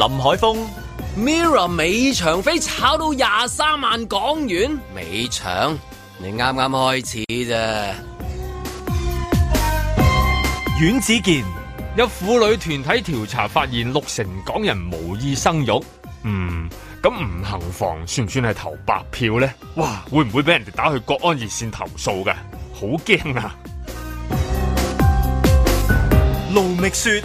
林海峰，Mirror 美場飛炒到廿三萬港元，美場你啱啱開始啫。阮子健，有婦女團體調查發現六成港人無意生育。嗯，咁唔行房算唔算係投白票咧？哇，會唔會俾人哋打去國安熱線投訴噶？好驚啊！盧覓雪。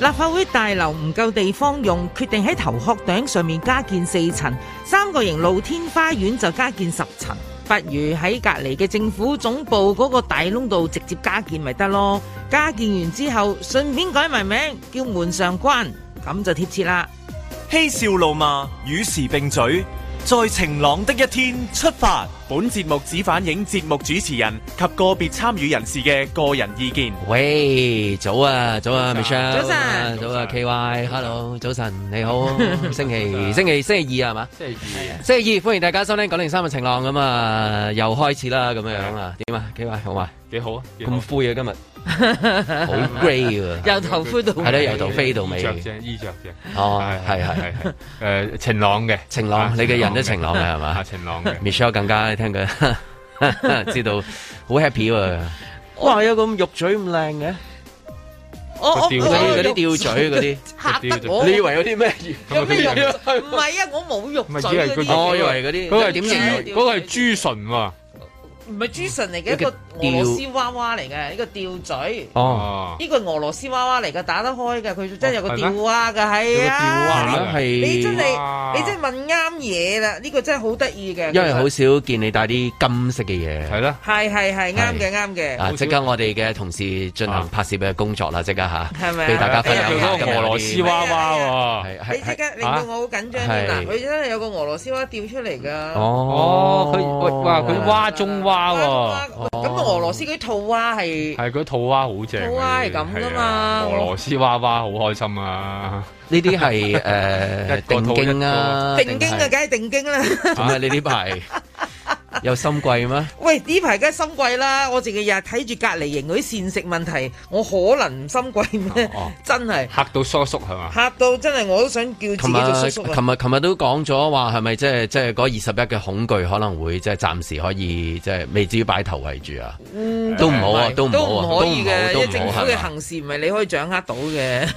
立法會大樓唔夠地方用，決定喺頭殼頂上面加建四層，三角形露天花園就加建十層。不如喺隔籬嘅政府總部嗰個大窿度直接加建咪得咯？加建完之後，順便改埋名叫門上關，咁就貼切啦。嬉笑怒罵，與時並嘴。在晴朗的一天出發，本節目只反映節目主持人及個別參與人士嘅個人意見。喂，早啊，早啊，Michelle，早晨，早啊，KY，hello，早晨，你好，星期星期星期二啊，係嘛？星期二星期二，歡迎大家收聽九零三嘅晴朗，咁啊，又開始啦，咁樣樣啊，點啊？KY 好唔好？幾好啊？咁灰啊，今日。好 grey 喎，由頭灰到係啦，由頭飛到尾，着衣着着，哦係係係係，誒晴朗嘅晴朗，你嘅人都晴朗嘅係嘛？晴朗嘅 Michelle 更加聽佢知道好 happy 喎，哇有咁肉嘴咁靚嘅，我吊嘴嗰啲吊嘴嗰啲，吓！你以為有啲咩？有咩唔係啊，我冇肉嘴嗰啲，我以為嗰啲嗰個係珠唇啊。唔係珠神嚟嘅，一個俄羅斯娃娃嚟嘅，一個吊嘴。哦，呢個俄羅斯娃娃嚟嘅，打得開嘅，佢真係有個吊蛙嘅喺。吊蛙，你真係，你真係問啱嘢啦！呢個真係好得意嘅。因為好少見你帶啲金色嘅嘢，係咯。係係係，啱嘅啱嘅。即刻我哋嘅同事進行拍攝嘅工作啦，即刻吓。係咪啊？俾大家分享下。俄羅斯娃娃喎，你即刻令到我好緊張添嗱，佢真係有個俄羅斯娃娃吊出嚟噶。哦，佢哇，佢娃中娃咁、哦、俄羅斯嗰啲套娃，係係嗰啲套娃好正，套娃係咁噶嘛，啊，俄羅斯娃娃好開心啊！呢啲係一個定經啊，定經啊，梗係定經啦，啊，唔係呢啲唔有心悸咩？喂！呢排梗係心悸啦，我自己日日睇住隔離營嗰啲膳食問題，我可能唔心悸咩？真係嚇到疏縮係嘛？嚇到真係我都想叫自己就縮縮。琴日琴日都講咗話，係咪即係即係嗰二十一嘅恐懼，可能會即係暫時可以即係未至於擺頭為住啊？都唔好啊，都唔好啊，都唔好都唔可以嘅政府嘅行事唔係你可以掌握到嘅。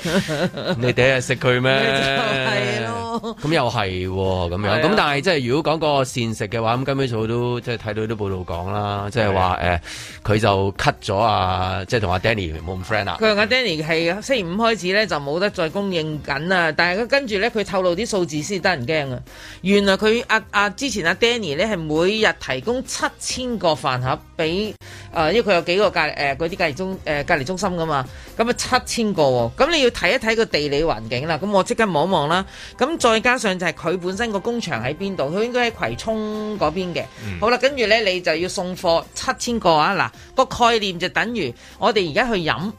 你第一日食佢咩？就係咯。咁又係咁樣咁，但係即係如果講個膳食嘅話，咁根本數都。即係睇到啲報道講啦，即係話誒，佢、欸、就 cut 咗啊，即係同阿 Danny 冇咁 friend 啦。佢同阿 Danny 係星期五開始咧就冇得再供應緊啦，但係佢跟住咧佢透露啲數字先得人驚啊！原來佢阿阿之前阿 Danny 咧係每日提供七千個飯盒俾誒、呃，因為佢有幾個隔誒啲、呃、隔離中誒隔離中心噶嘛，咁啊七千個，咁你要睇一睇個地理環境啦。咁我即刻望一望啦，咁再加上就係佢本身個工場喺邊度，佢應該喺葵涌嗰邊嘅。嗯好啦，跟住呢，你就要送貨七千個啊！嗱，個概念就等於我哋而家去飲，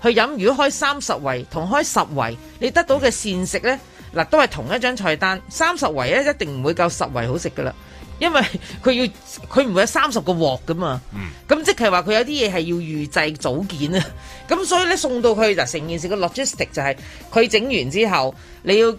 去飲。如果開三十圍同開十圍，你得到嘅膳食呢，嗱都係同一張菜單。三十圍呢一定唔會夠十圍好食噶啦，因為佢要佢唔會有三十個鑊噶嘛。咁即係話佢有啲嘢係要預製組件啊。咁所以呢，送到去就成件事個 logistic 就係佢整完之後，你要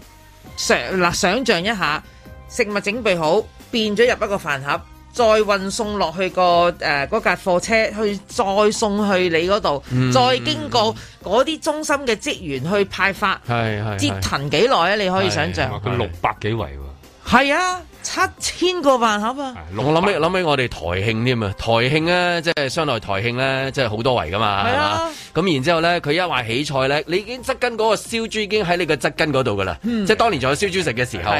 想，嗱，想象一下，食物整備好變咗入一個飯盒。再運送落去個誒嗰架貨車，去再送去你嗰度，嗯、再經過嗰啲中心嘅職員去派發，係係折騰幾耐啊？你可以想象佢六百幾圍喎、啊，係啊，七千個飯盒啊！我諗起諗起我哋台慶添啊，台慶咧即係相對台慶咧，即係好多圍噶嘛，咁、啊、係嘛？然之後咧，佢一話起菜咧，你已經側根嗰個燒豬已經喺你嘅側根嗰度噶啦，嗯、即係當年仲有燒豬食嘅時候。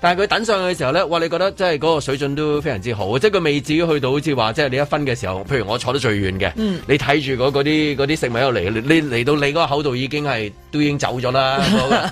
但係佢等上去嘅時候咧，哇！你覺得即係嗰個水準都非常之好，即係佢未至於去到好似話即係你一分嘅時候，譬如我坐得最遠嘅，你睇住嗰啲啲食物又嚟，你嚟到你嗰口度已經係都已經走咗啦，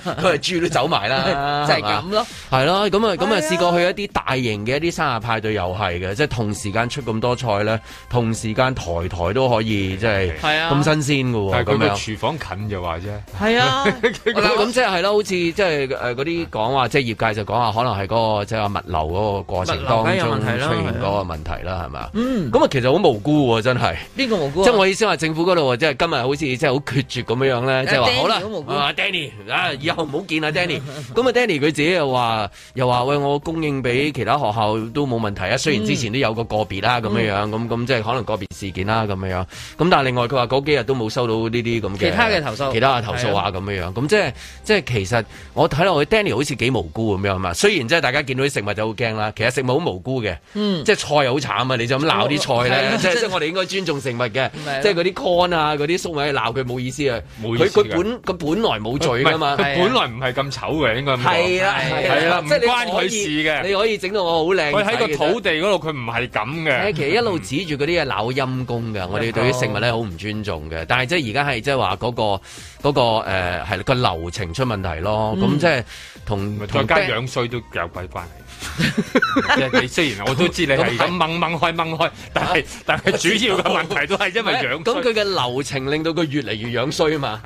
佢係豬都走埋啦，即係咁咯，係咯，咁啊咁啊試過去一啲大型嘅一啲生日派對又係嘅，即係同時間出咁多菜咧，同時間台台都可以即係，係啊，咁新鮮喎，但係佢廚房近就話啫，係啊，咁即係係咯，好似即係誒嗰啲講話即係業界就講下。可能係嗰個即係物流嗰個過程當中出現嗰個問題啦，係咪啊？嗯。咁啊，其實好無辜喎，真係。呢個無辜。即係我意思話，政府嗰度即係今日好似即係好決絕咁樣樣咧，即係話好啦，啊 Danny，啊以後唔好見啊 Danny。咁啊 Danny 佢自己又話又話喂，我供應俾其他學校都冇問題啊，雖然之前都有個個別啦咁樣樣，咁咁即係可能個別事件啦咁樣樣。咁但係另外佢話嗰幾日都冇收到呢啲咁嘅。其他嘅投訴。其他嘅投訴啊咁樣樣。咁即係即係其實我睇落去 Danny 好似幾無辜咁樣啊嘛。雖然即係大家見到啲食物就好驚啦，其實食物好無辜嘅，即係菜好慘啊！你就咁鬧啲菜咧，即係我哋應該尊重食物嘅，即係嗰啲 corn 啊、嗰啲粟米鬧佢冇意思啊！佢佢本佢本來冇罪㗎嘛，佢本來唔係咁醜嘅，應該係啦係啦，唔關佢事嘅，你可以整到我好靚。佢喺個土地嗰度，佢唔係咁嘅。其實一路指住嗰啲嘢鬧陰公嘅，我哋對於食物咧好唔尊重嘅。但係即係而家係即係話嗰個嗰個誒係個流程出問題咯。咁即係同再加養有鬼關係？你雖然我都知你係咁掹掹開掹開，但係但係主要嘅問題都係因為樣。咁佢嘅流程令到佢越嚟越樣衰嘛，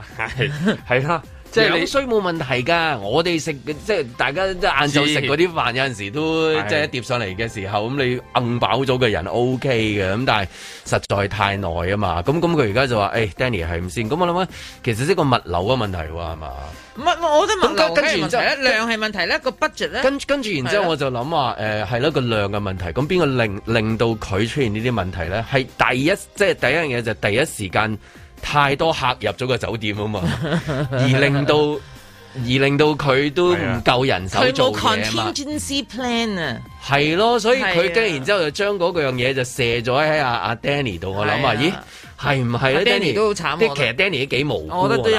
係啦。即係你衰冇問題噶，我哋食即係大家即係晏晝食嗰啲飯，有陣時都即係一碟上嚟嘅時候，咁你硬飽咗嘅人 OK 嘅，咁但係實在太耐啊嘛，咁咁佢而家就話誒 Danny 係唔先，咁我諗咧，其實即係個物流嘅問題喎，係嘛？唔係，我都物流係問題，量係問題咧，個 budget 咧。跟跟住然之後，我就諗話誒，係咯個量嘅問題，咁邊個令令到佢出現呢啲問題咧？係第一，即係第一樣嘢就第一時間。太多客入咗個酒店啊嘛 而，而令到而令到佢都唔夠人手做嘢，佢冇、啊、contingency plan 啊，係咯、啊，所以佢跟然之後就將嗰個樣嘢就卸咗喺阿阿 Danny 度。我諗啊，咦？係唔係 Danny 都好慘喎，啲其實 Danny 都幾無辜我覺得，都你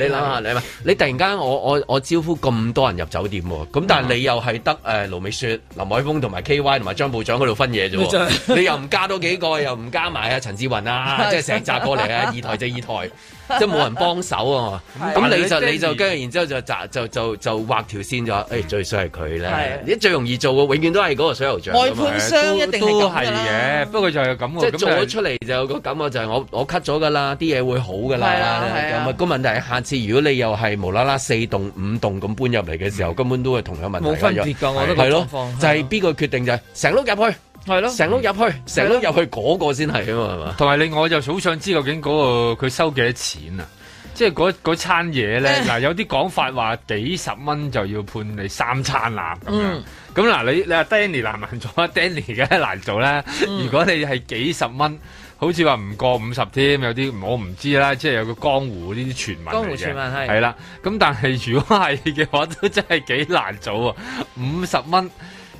陰下，你諗下，你突然間我我我招呼咁多人入酒店喎，咁、嗯、但係你又係得誒盧美雪、林海峰同埋 KY 同埋張部長嗰度分嘢啫你，你又唔加多幾個又唔加埋啊陳志雲啊， 即係成紮過嚟啊， 二台就二台。即係冇人幫手啊！咁你就你就跟住，然之後就就就就就畫條線咗。誒，最衰係佢咧。而家最容易做嘅，永遠都係嗰個水喉匠。外判商一定都係嘅，不過就係咁。即係做咗出嚟就有個感覺，就係我我 cut 咗㗎啦，啲嘢會好㗎啦。係啊係啊。咁個問題係下次如果你又係無啦啦四棟五棟咁搬入嚟嘅時候，根本都係同樣問題。冇分別㗎，我都覺得。係咯，就係邊個決定就係成屋入去。係咯，成碌入去，成碌入去嗰個先係啊嘛，係嘛咯。同埋你，另外我就好想知究竟嗰、嗰個佢收幾多錢啊？即係嗰餐嘢咧嗱，有啲講法話幾十蚊就要判你三餐啦咁、嗯、樣。咁嗱，你你話 Danny 難唔難做啊、嗯、？Danny 而家難做咧？如果你係幾十蚊，好似話唔過五十添，有啲我唔知啦。即係有個江湖呢啲傳聞。江湖傳聞係。係啦，咁但係如果係嘅話，都真係幾難做啊！五十蚊。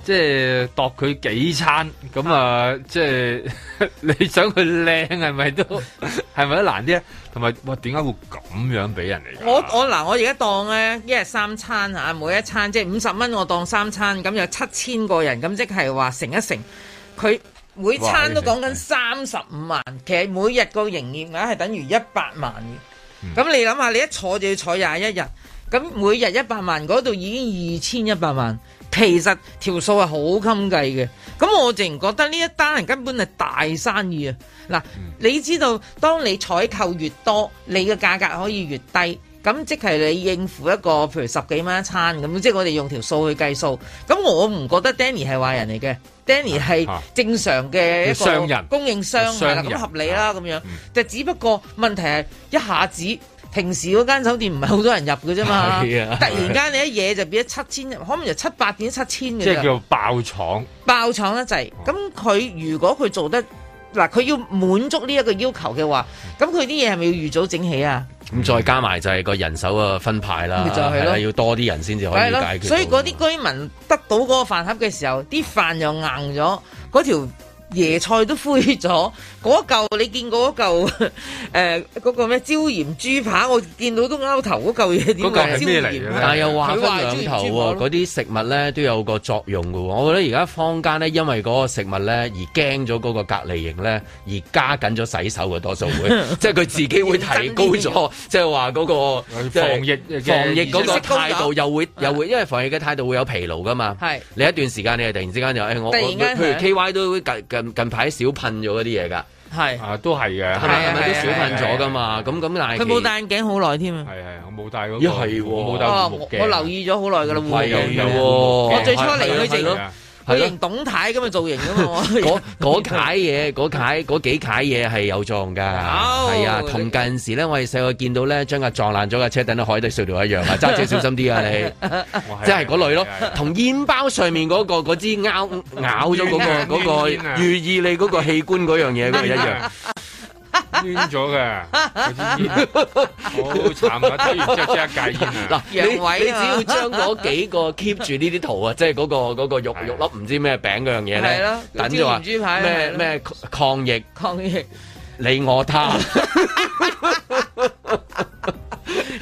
即係度佢幾餐咁啊！啊，即係、啊、你想佢靚係咪都係咪都難啲啊？同埋喂，點解會咁樣俾人嚟？我我嗱，我而家當咧一日三餐吓，每一餐即係五十蚊，我當三餐，咁有七千個人，咁即係話乘一乘。佢每餐都講緊三十五萬，其實每日個營業額係等於、嗯、一百萬嘅。咁你諗下，你一坐就要坐廿一日，咁每日一百萬，嗰度已經二千一百萬。其實條數係好襟計嘅，咁我淨係覺得呢一單人根本係大生意啊！嗱，嗯、你知道當你採購越多，你嘅價格可以越低，咁即係你應付一個譬如十幾蚊一餐咁，咁即係我哋用條數去計數。咁我唔覺得 Danny 係壞人嚟嘅是，Danny 係正常嘅一個供應商，係啦，咁合理啦，咁、啊、樣。就、嗯、只不過問題係一下子。平時嗰間酒店唔係好多人入嘅啫嘛，係啊，係啊突然間你一嘢，就變咗七千，可能就七八變咗七千嘅，即係叫做爆廠。爆廠得滯，咁佢、哦、如果佢做得嗱，佢要滿足呢一個要求嘅話，咁佢啲嘢係咪要預早整起啊？咁、嗯、再加埋就係個人手嘅分派啦，嗯、係就係、啊啊、要多啲人先至可以解決、啊。所以嗰啲居民得到嗰個飯盒嘅時候，啲飯又硬咗，條。椰菜都灰咗，嗰嚿你見過嗰嚿誒嗰個咩椒鹽豬扒？我見到都勾頭，嗰嚿嘢點解椒鹽，但又話分兩頭喎，嗰啲食物咧都有個作用喎。我覺得而家坊間呢，因為嗰個食物咧而驚咗嗰個隔離型咧，而加緊咗洗手嘅多數會， 即係佢自己會提高咗，即係話嗰個防疫防疫嗰個態度又會又會的，因為防疫嘅態度會有疲勞㗎嘛。係的你一段時間，你係突然之間就、欸、我間譬如 K Y 都會。近近排少噴咗嗰啲嘢㗎，係啊都係嘅，係咪係咪？都少噴咗㗎嘛？咁咁但係佢冇戴眼鏡好耐添啊，係係我冇戴嗰個，我冇戴目鏡。我留意咗好耐㗎啦，護鏡。我最初嚟佢近佢型、啊、董太咁嘅造型啊嘛，嗰嗰嘢，嗰楷嗰幾楷嘢係有作用噶，係 啊，同近時咧，我哋細個見到咧，將架撞爛咗架車，等到海底隧道一樣啊！揸車小心啲啊你，即係嗰類咯，啊啊啊、同煙包上面嗰、嗰個嗰支咬咬咗嗰個嗰 個寓意你嗰個器官嗰樣嘢咪、那個、一樣。 攣咗嘅，好慘啊，睇、 哦、完之後即刻戒煙嗱，楊偉、啊，你只要將嗰幾個 keep 住呢啲圖啊， 即係嗰、嗰個肉肉、嗰個、的粒唔知咩餅嗰樣嘢咧，的等住話咩咩抗疫抗疫，抗疫你我他。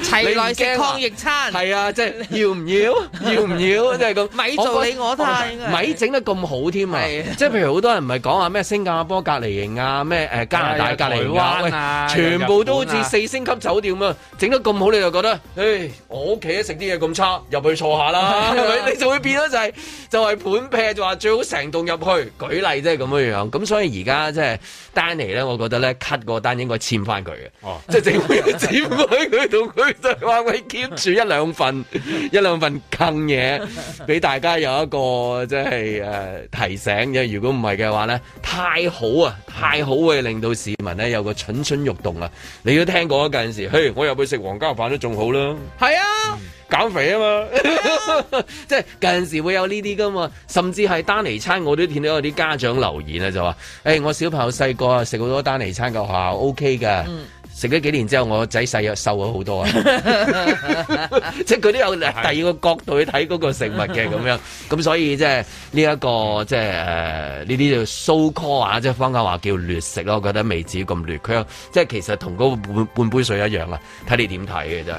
齊來食抗疫餐，係啊，即係、啊就是、要唔要？ 要唔要？即係咁，咪做你我攤，咪整 得咁好添 啊！即係譬如好多人唔係講話咩新加坡隔離營啊，咩誒、呃、加拿大隔離營啊，啊啊全部都好似四星級酒店啊，整得咁好，你就覺得誒、哎，我屋企食啲嘢咁差，入去坐下啦， 係咪？你就會變咗就係就係盤劈，就話、是、最好成棟入去。舉例即係咁樣樣，咁所以而家即係丹尼 n 咧，我覺得咧 cut 個單應該簽翻佢嘅，即係、哦、整唔起，整唔起佢。佢就話會 keep 住一兩份一兩份羹嘢，俾大家有一個即係誒提醒。因為如果唔係嘅話咧，太好啊，太好會令到市民咧有個蠢蠢欲動啊！你都聽過啊，有陣時，嘿，我又去食皇家飯都仲好啦，係啊，減肥啊嘛，即係、啊、 有陣時會有呢啲噶嘛。甚至係丹尼餐，我都見到有啲家長留言啊，就話：誒、欸，我小朋友細個啊食好多丹尼餐嘅學校 OK 噶。嗯食咗幾年之後，我仔細又瘦咗好多啊！ 即係佢都有第二個角度去睇嗰個食物嘅咁、就是、樣，咁 所以即係呢一個即係誒、呃、呢啲叫 so called 即係方家話叫劣食咯，我覺得未至於咁劣。佢又即係其實同嗰個半半杯水一樣啦，睇你點睇嘅真係。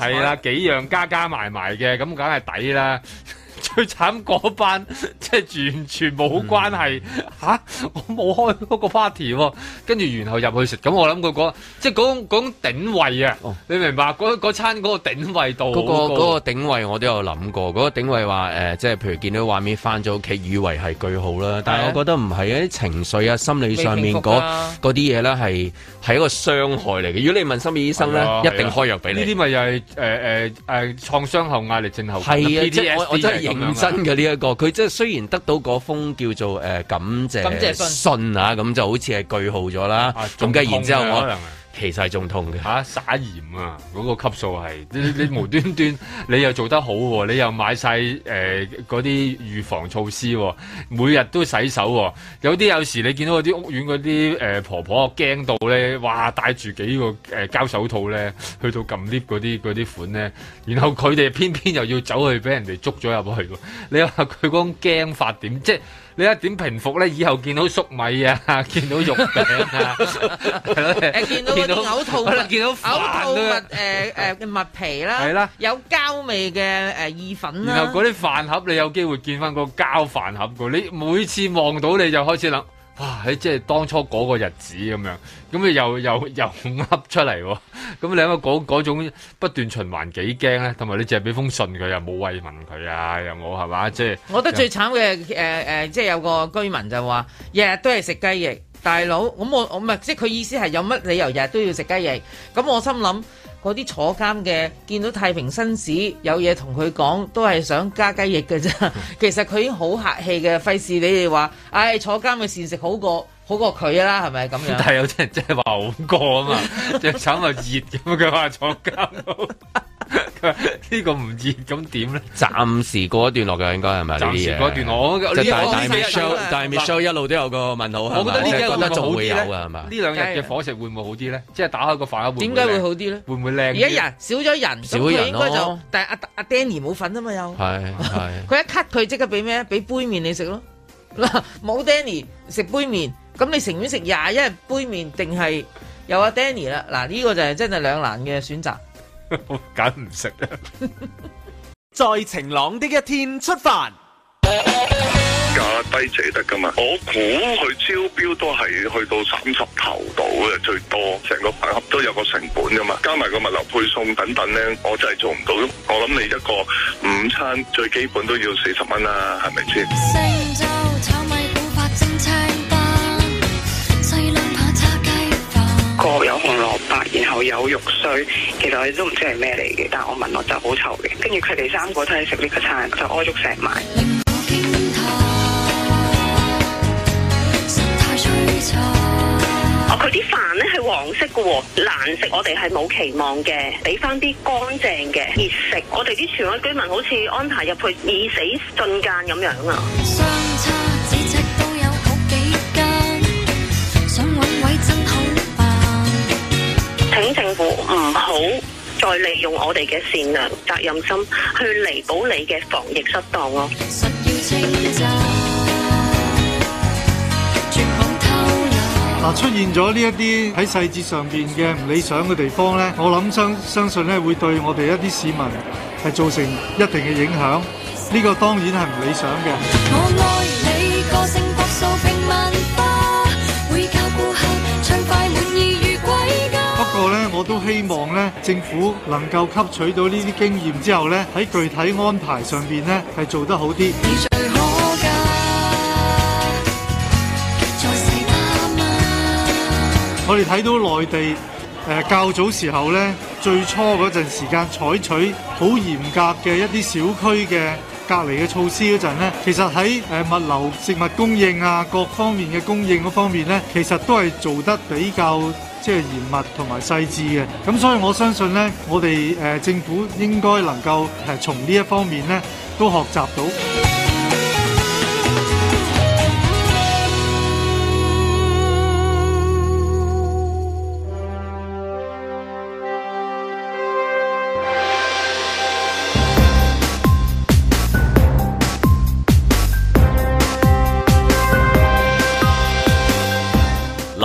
係啦、 啊，幾樣加加埋埋嘅，咁梗係抵啦。最慘嗰班，即係完全冇關係。吓、嗯啊，我冇開嗰個 party，跟、啊、住然後入去食。咁我諗嗰、那個、即係嗰種頂位啊，哦、你明白？嗰餐嗰個頂位度，嗰、那個、那個頂位我都有諗過。嗰、那個頂位、呃、話，誒，即係譬如見到畫面翻咗屋企，以為係句號啦。但係我覺得唔係，一啲情緒啊、心理上面嗰啲嘢咧，係係一個傷害嚟嘅。如果你問心理醫生咧，一定開藥俾你。呢啲咪又係誒誒誒創傷後壓力症候係啊，即係我，我真係這真嘅呢一個，佢即係雖然得到嗰封叫做誒、呃、感謝感謝信啊，咁就好似係句號咗啦。咁緊然之後我。其實係仲痛嘅嚇撒鹽啊！嗰、嗰個級數係你你無端端你又做得好喎、啊，你又買晒誒嗰啲預防措施、啊，每日都洗手、啊。有啲有時你見到嗰啲屋苑嗰啲誒婆婆驚到咧，哇戴住幾個誒膠、呃、手套咧，去到撳 lift 嗰啲嗰啲款咧，然後佢哋偏偏又要走去俾人哋捉咗入去、啊。你話佢種驚法點即？你一點平復咧，以後見到粟米啊，見到肉餅啊，係咯，誒，見到個嘔吐物啦，見到嘔吐物，誒誒嘅麥皮啦、啊，係啦，有膠味嘅誒、呃、意粉、啊、然後嗰啲飯盒你有機會見翻個膠飯盒嘅，你每次望到你就開始諗。哇！喺即係當初嗰個日子咁樣，咁、啊、你又又又噏出嚟喎？咁你有冇嗰嗰種不斷循環幾驚咧？同埋你淨係俾封信佢，又冇慰問佢啊？又冇係嘛？即係，我覺得最慘嘅、呃呃、即係有個居民就話，日日都係食雞翼大佬，咁我我唔係即係佢意思係有乜理由日日都要食雞翼？咁我，我，我心諗。嗰啲坐監嘅見到太平紳士有嘢同佢講，都係想加雞翼嘅啫。其實佢已經好客氣嘅，費事你哋話，唉、哎，坐監嘅膳食好過好過佢啦，係咪咁樣？但係有啲人真係話好過啊嘛，隻手又熱咁，佢話坐監。 這個不呢個唔知咁點咧？暫時過一段落嘅應該係咪？暫 時段落應是，我呢 Michelle，Michelle 一路都有個問號。我覺得呢幾日會好啲係咪？呢兩日嘅伙食會唔會好啲咧？然即係打開個飯盒，點解會好啲咧？會唔會靚？而一人少咗人，會會少咗人咯。但係阿阿 Danny 冇份啊嘛，又係佢一 cut 佢即刻俾咩？俾杯麵你食咯。冇 Danny 食杯麵，咁你情願食廿一杯麵，定係有阿 Danny 啦？嗱，呢個就係真係兩難嘅選擇。梗唔食在晴朗的一天出發，價低者得噶嘛？我估佢招標都係去到三十頭度嘅，最多，成個百盒都有個成本噶嘛，加埋個物流配送等等咧，我就係做唔到。我諗你一個午餐最基本都要四十蚊啦，係咪先？有肉碎，其實我哋都唔知係咩嚟嘅，但我聞落就好臭嘅。跟住佢哋三個都係食呢個餐，就屙咗成埋。哦，佢啲飯咧係黃色嘅喎，哦，難食。我哋係冇期望嘅，俾翻啲乾淨嘅熱食。我哋啲荃灣居民好似安排入去已死瞬間咁樣啊！請政府唔好再利用我哋嘅善良、責任心去彌補你嘅防疫失當咯。嗱，出現咗呢一啲喺細節上邊嘅唔理想嘅地方咧，我諗相相信咧會對我哋一啲市民係造成一定嘅影響，呢個當然係唔理想嘅。我咧我都希望咧，政府能夠吸取到呢啲經驗之後咧，喺具體安排上邊咧係做得好啲。我哋睇到內地誒較早時候咧，最初嗰陣時間採取好嚴格嘅一啲小區嘅隔離嘅措施嗰陣咧，其實喺誒物流食物供應啊各方面嘅供應嗰方面咧，其實都係做得比較。即係嚴密同埋細緻嘅，咁所以我相信咧，我哋誒政府應該能夠係從呢一方面咧，都學習到。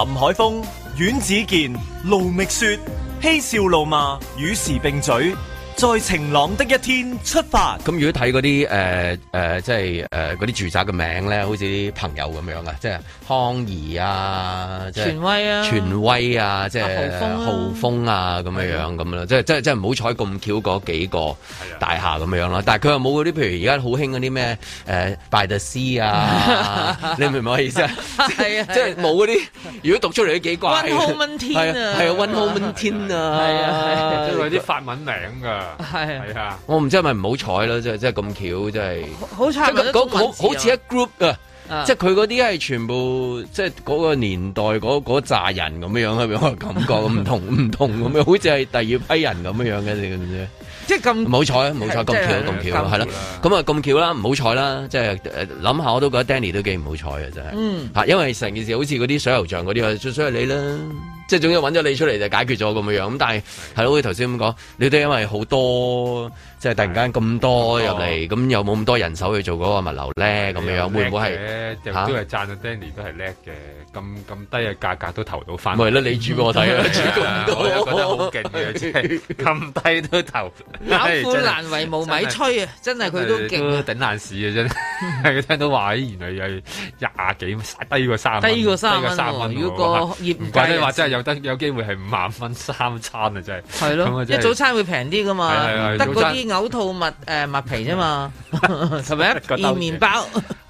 林海峰。阮子健，盧覓雪，嬉笑怒罵，與時並嘴。在晴朗的一天出發。咁如果睇嗰啲誒誒，即係誒嗰啲住宅嘅名咧，好似啲朋友咁樣啊，即係康怡啊，即係傳威啊，權威啊，即係浩峰啊，咁樣樣咁咯，即係即係即係唔好彩咁巧嗰幾個大廈咁樣咯。但係佢又冇嗰啲，譬如而家好興嗰啲咩拜特斯啊，你明唔明我意思啊？係啊，即係冇嗰啲。如果讀出嚟都幾怪。One Homantin 啊，係啊，One Homantin 啊，係啊，即係啲法文名㗎。係啊，我唔知係咪唔好彩咯，即係即係咁巧，真係好彩即好似一 group 啊。即係佢嗰啲係全部，即係嗰個年代嗰嗰紮人咁樣樣，係咪我感覺唔同唔同咁樣，好似係第二批人咁樣樣嘅，你知唔知？即係咁唔好彩，冇彩咁巧，咁巧係咯，咁啊咁巧啦，唔好彩啦，即係諗下我都覺得 Danny 都幾唔好彩啊。真係，吓，因為成件事好似嗰啲水牛像嗰啲就都係你啦。即係總之揾咗你出嚟就解決咗咁嘅樣，咁但係係囉，好似頭先咁講，你都因為好多。即係突然間咁多入嚟，咁又冇咁多人手去做嗰個物流咧，咁樣會唔會係嚇？都係賺 Danny 都係叻嘅，咁咁低嘅價格都投到翻。唔係啦，你主觀睇啦，主觀睇，覺得好勁嘅，真係咁低都投。飽腹難為無米炊啊！真係佢都頂難事啊！真係。佢啊，聽到話原來係廿幾低過三，低過三蚊。如果業績唔怪話，真係有得有機會係五萬蚊三餐啊！真係。係咯。一早餐會平啲㗎嘛？得嗰啲。嘔吐麥誒麥皮啫嘛，係咪啊？一嚿麵包，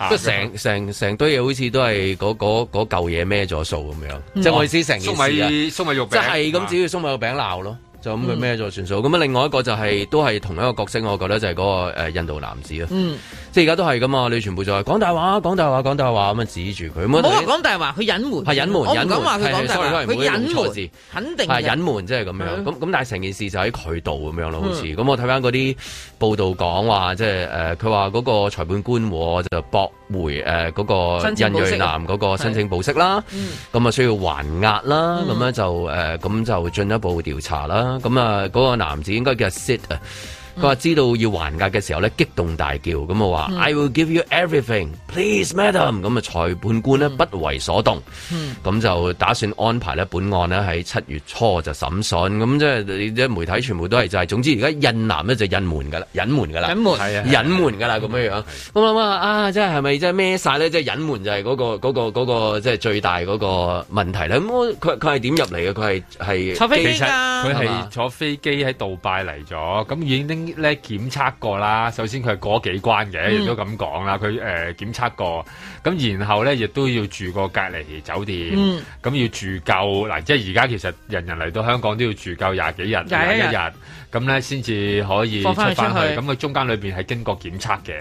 即係成成成堆嘢，好似都係嗰嗰嗰嚿嘢孭咗數咁樣。即係我意思，成件事粟米粟米肉餅，即係咁，只要粟米肉餅鬧咯，就咁佢孭咗算數。咁啊，另外一個就係都係同一個角色，我覺得就係嗰個誒印度男子咯。嗯。即係而家都係噶啊，你全部就係講大話，講大話，講大話咁樣指住佢。唔好講大話，佢隱瞞，係隱瞞，我唔敢話佢講大話。佢隱瞞，肯定係隱瞞，即係咁樣。咁咁，但係成件事就喺佢度咁樣咯，好似。咁我睇翻嗰啲報道講話，即係誒，佢話嗰個裁判官就駁回嗰個印裔男嗰個申請保釋啦。咁啊，需要還押啦。咁咧就誒，咁就進一步調查啦。咁啊，嗰個男子應該叫 sit 啊。佢話知道要還價嘅時候咧，激動大叫，咁我話、嗯、I will give you everything, please, madam。咁，啊裁判官呢，不為所動，咁、嗯嗯、就打算安排咧本案呢喺七月初就審訊。咁即係你媒體全部都係就係、是，總之而家印男咧就隱瞞噶啦，隱瞞噶啦，隱瞞係啊，隱瞞噶啦咁樣樣。我諗啊啊，即係係咪即係孭晒咧？即係隱瞞就係嗰、那個嗰、那個嗰、那個即係、那個、最大嗰個問題咧。咁佢佢係點入嚟嘅？佢係坐飛機其實佢係坐飛機喺吧杜拜嚟咗，咁已經拎咧檢測過啦，首先佢係過咗幾關嘅，亦都咁講啦。佢誒、嗯呃、檢測過，咁然後咧亦都要住過隔離酒店，咁、嗯嗯、要住夠嗱，即係而家其實人人嚟到香港都要住夠廿幾天日、廿一日，咁咧先至可以出翻去。咁佢去中間裏邊係經過檢測嘅，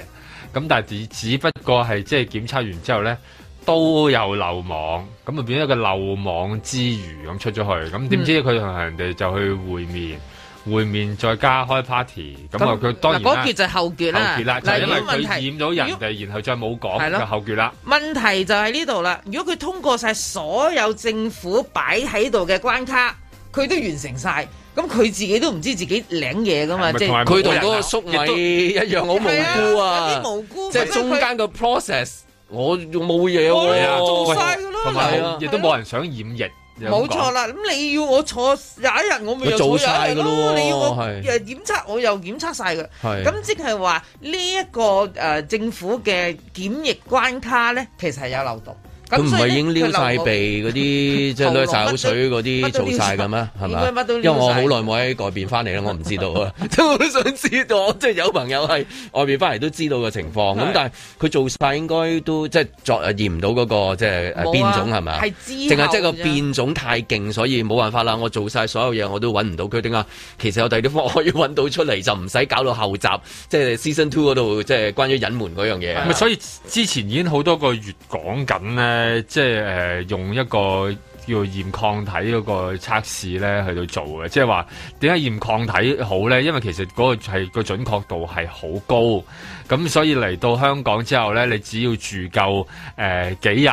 咁但係只，只不過係即係檢測完之後咧都有漏網，咁啊變咗一個漏網之魚咁出咗去。咁點知佢同人哋就去會面。嗯會面再加開 party，咁啊佢當然嗱嗰句就後句啦。嗱，因為佢染咗人哋，然後再冇講就後句啦。問題就喺呢度啦。如果佢通過晒所有政府擺喺度嘅關卡，佢都完成晒，咁佢自己都唔知自己領嘢噶嘛？即係佢同嗰個粟米一樣好無辜啊！有啲無辜，即係中間個 process，我冇嘢啊，做晒噶咯，亦都冇人想染疫。冇錯啦，咁你要我坐廿一日，我咪又坐廿一日咯。你要我又檢測，我又檢測晒佢。咁即係話呢一個誒、呃、政府嘅檢疫關卡咧，其實係有漏洞。佢唔係已經撩晒鼻嗰啲，即係撩晒口水嗰啲嚨做晒嘅咩？係嘛？因為我好耐冇喺外面翻嚟啦，我唔知道啊！即係好想知道，即係 有朋友係外面翻嚟都知道嘅情況。咁的但係佢做晒應該都即係、就是、作驗唔到嗰個即係、就是、變種係咪？係知淨係即係個變種太勁，所以冇辦法啦。我做晒所有嘢我都揾唔到佢點解？其實有第二啲方法可以揾到出嚟，就唔使搞到後集，即、就、係、是、season two 嗰度，即、就、係、是、關於隱瞞嗰樣嘢。的所以之前已經好多個月講緊呢。誒，即係誒、呃，用一個叫驗抗體嗰個測試咧，去到做嘅。即係話，點解驗抗體好咧？因為其實嗰個係、個準確度係好高，咁所以嚟到香港之後咧，你只要住夠誒、呃、幾日。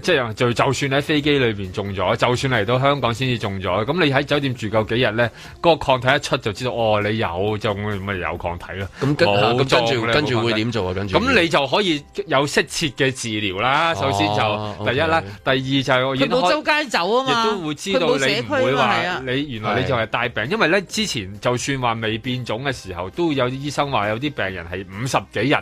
即係就就算喺飛機裏邊中咗，就算嚟到香港先至中咗，咁你喺酒店住夠幾日咧？嗰、嗰個抗體一出就知道，哦，你有就咁咪有抗體咯。咁跟下，咁跟住跟住會點做啊？跟住咁你就可以有適切嘅治療啦。哦、首先就第一啦，哦 okay、第二就係我冇周街走啊嘛，亦都會知道社區你唔會話你原來你就係帶病，的因為咧之前就算話未變種嘅時候，都有醫生話有啲病人係五十幾日。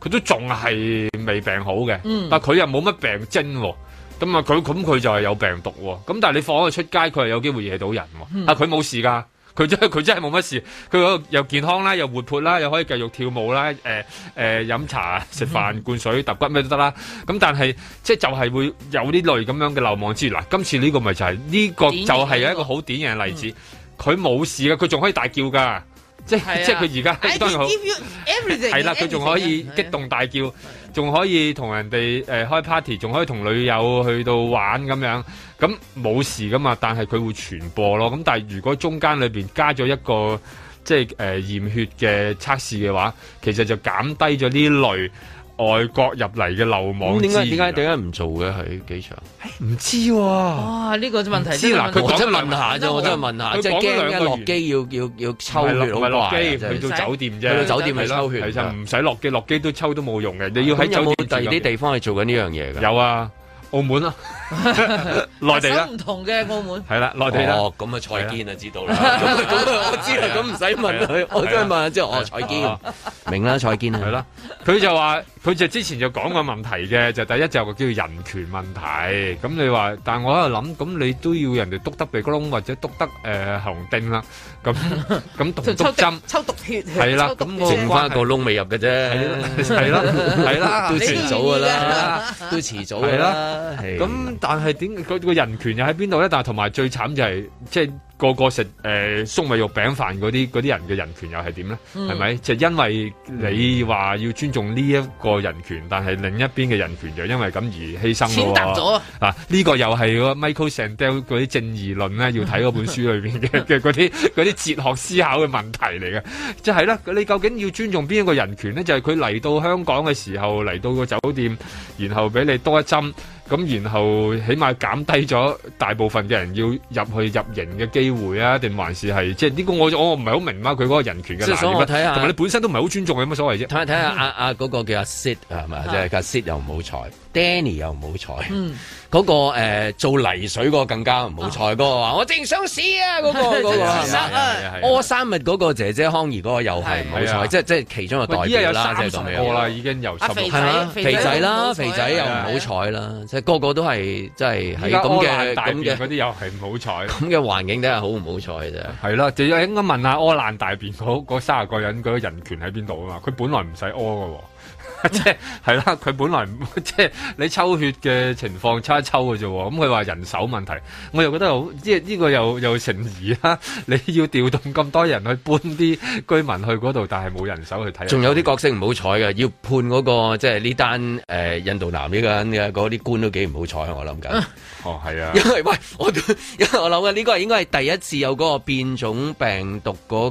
佢都仲係未病好嘅，但佢又冇乜病徵，哦，咁啊佢咁佢就係有病毒喎，哦，咁但係你放佢出街，佢係有機會惹到人喎，哦。啊，佢冇事噶，佢真係佢真係冇乜事，佢又健康啦，又活潑啦，又可以繼續跳舞啦，誒、呃、誒、呃、飲茶食飯灌水揼骨咩都得啦。咁但係即係就係會有啲類咁樣嘅漏網之魚。嗱，今次呢個咪就係呢個就係，是這個、一個好典型嘅例子。佢冇事嘅，佢仲可以大叫㗎。即係佢而家當然好係啦，佢仲、啊、可以激動大叫，仲、啊、可以同人哋誒開 party，仲可以同女友去到玩咁樣，咁冇事噶嘛。但係佢會傳播咯。咁但係如果中間裏邊加咗一個即係誒驗血嘅測試嘅話，其實就減低咗呢類。外國入嚟嘅流亡，點解點解點解唔做嘅喺機場？唔知喎，呢個問題先。嗱，我真問下啫，我真係問下。佢驚落機要要要抽血好嘛？落機去到酒店啫，酒店係抽血，就唔使落機。落機都抽都冇用嘅，你要喺酒店。有冇第二啲地方係做緊呢樣嘢嘅？有啊，澳門啦，內地啦，唔同嘅澳門係啦，內地啦。咁啊，蔡堅啊，就知道啦。咁我知啦，咁唔使問佢。我真係問，即係哦，蔡堅明啦，蔡堅係啦。佢就話。佢就之前就講過問題嘅，就第一就叫人權問題。咁你話，但係我喺度諗，咁你都要人哋篤得鼻哥窿，或者篤得誒紅丁啦。咁篤毒針抽毒血係啦。咁我剩翻一個窿未入嘅啫。係啦，係啦，都遲早㗎啦，都遲早啦。咁但係點個個人權又喺邊度咧？但係同埋最慘就係即係。個個食誒粟米肉餅飯嗰啲嗰啲人嘅人權又係點咧？係咪、嗯？就因為你話要尊重呢一個人權，但係另一邊嘅人權就因為咁而犧牲。踐踏咗啊！呢、呢個又係嗰 Michael Sandel 嗰啲正義論咧，要睇嗰本書裏面嘅嘅嗰啲嗰啲哲學思考嘅問題嚟嘅，即係咧，你究竟要尊重邊一個人權咧？就係佢嚟到香港嘅時候嚟到個酒店，然後俾你多一針。咁然後起碼減低咗大部分嘅人要入去入營嘅機會啊，定還是係，即係呢個我我唔係好明白佢嗰個人權嘅，即係睇下，同埋你本身都唔係好尊重嘅，有乜所謂啫？睇下睇下阿阿嗰個叫阿 sit 係咪？即係阿 sit 又唔好彩。Danny 又唔好彩，嗰個誒做泥水個更加唔好彩，嗰個話我正想試啊！嗰個嗰個屙三密嗰個姐姐康怡嗰個又係唔好彩，即係即係其中嘅代表啦。即係咩啦？已經有係肥仔啦，肥仔又唔好彩啦，即係個個都係即係喺咁嘅咁嘅啲又係唔好彩。咁嘅環境真係好唔好彩啫。係咯，就要應該問下屙爛大便嗰嗰卅個人嗰個人權喺邊度啊嘛？佢本來唔使屙㗎。即係啦，佢 本來即係、即係、你抽血嘅情況，差一抽嘅啫。咁佢話人手問題，我又覺得好，即係呢個又又成疑啦。你要調動咁多人去搬啲居民去嗰度，但係冇人手去睇。仲有啲角色唔好彩嘅，要判嗰、嗰個即係呢單誒印度男呢個人嘅嗰啲官都幾唔好彩。我諗緊，哦係啊因我，因為喂，我因為我諗緊呢個應該係第一次有嗰個變種病毒嗰、嗰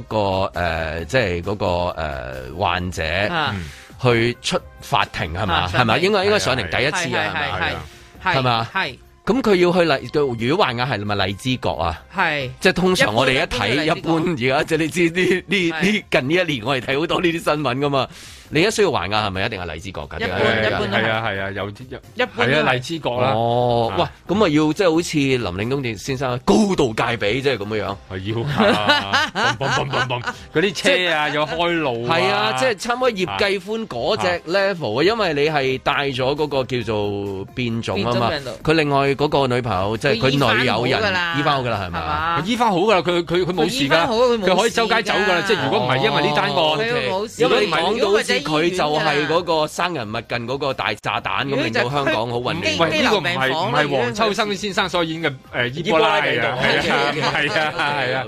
個誒，即係嗰個誒、呃、患者。啊嗯去出法庭係嘛？係嘛？應該應該上庭第一次啊，係嘛？係，咁佢要去荔，如果患係係咪荔枝角啊？係，即係通常我哋一睇一般而家即係你知呢呢呢近呢一年我哋睇好多呢啲新聞噶嘛。你而家需要還押係咪一定係荔枝角㗎？一係啊，係啊，有啲一一般嘅荔枝角啦。哦，哇，咁啊要即係好似林嶺東先生高度戒備，即係咁嘅樣。係要，蹦蹦蹦嗰啲車啊，又開路。係啊，即係差唔多葉繼歡嗰隻 level 啊，因為你係帶咗嗰個叫做變種啊嘛。佢另外嗰個女朋友即係佢女友人，醫翻好㗎啦，係咪啊？醫翻好㗎啦，佢佢佢冇事㗎，佢可以周街走㗎啦。即係如果唔係因為呢單案，如果唔係佢就係嗰個生人勿近嗰個大炸彈咁，令到香港好混亂。呢個唔係唔係黃秋生先生所演嘅誒伊波拉嘅，係啊，係啊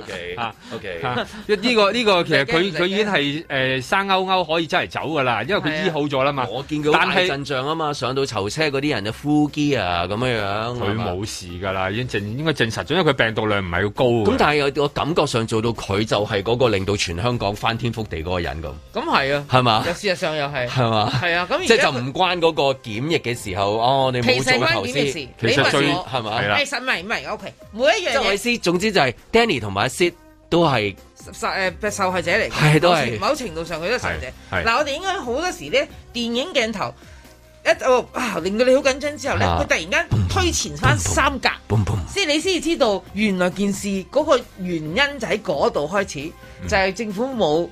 ，O K，O K，呢個呢個其實佢佢已經係誒生勾勾可以出嚟走噶啦，因為佢醫好咗啦嘛。我見到佢大陣仗啊嘛，上到囚車嗰啲人嘅呼吸啊咁樣樣。佢冇事噶啦，已經證應該證實咗，因為佢病毒量唔係好高。咁但係我感覺上做到佢就係嗰個令到全香港翻天覆地嗰個人咁。咁係啊，係嘛？事實上又係，係嘛？係啊，咁即係就唔關嗰個檢疫嘅時候，哦，你冇做頭先。其實關檢疫嘅事，其實最係嘛？係啦。其實唔係唔係，O K。每一樣嘢。即總之就係 Danny 同埋 Sid 都係受誒受害者嚟嘅。係都係。某程度上，佢都受害者。嗱，我哋應該好多時咧，電影鏡頭一令到你好緊張之後咧，佢突然間推前翻三格，先你先至知道原來件事嗰個原因就喺嗰度開始，就係政府冇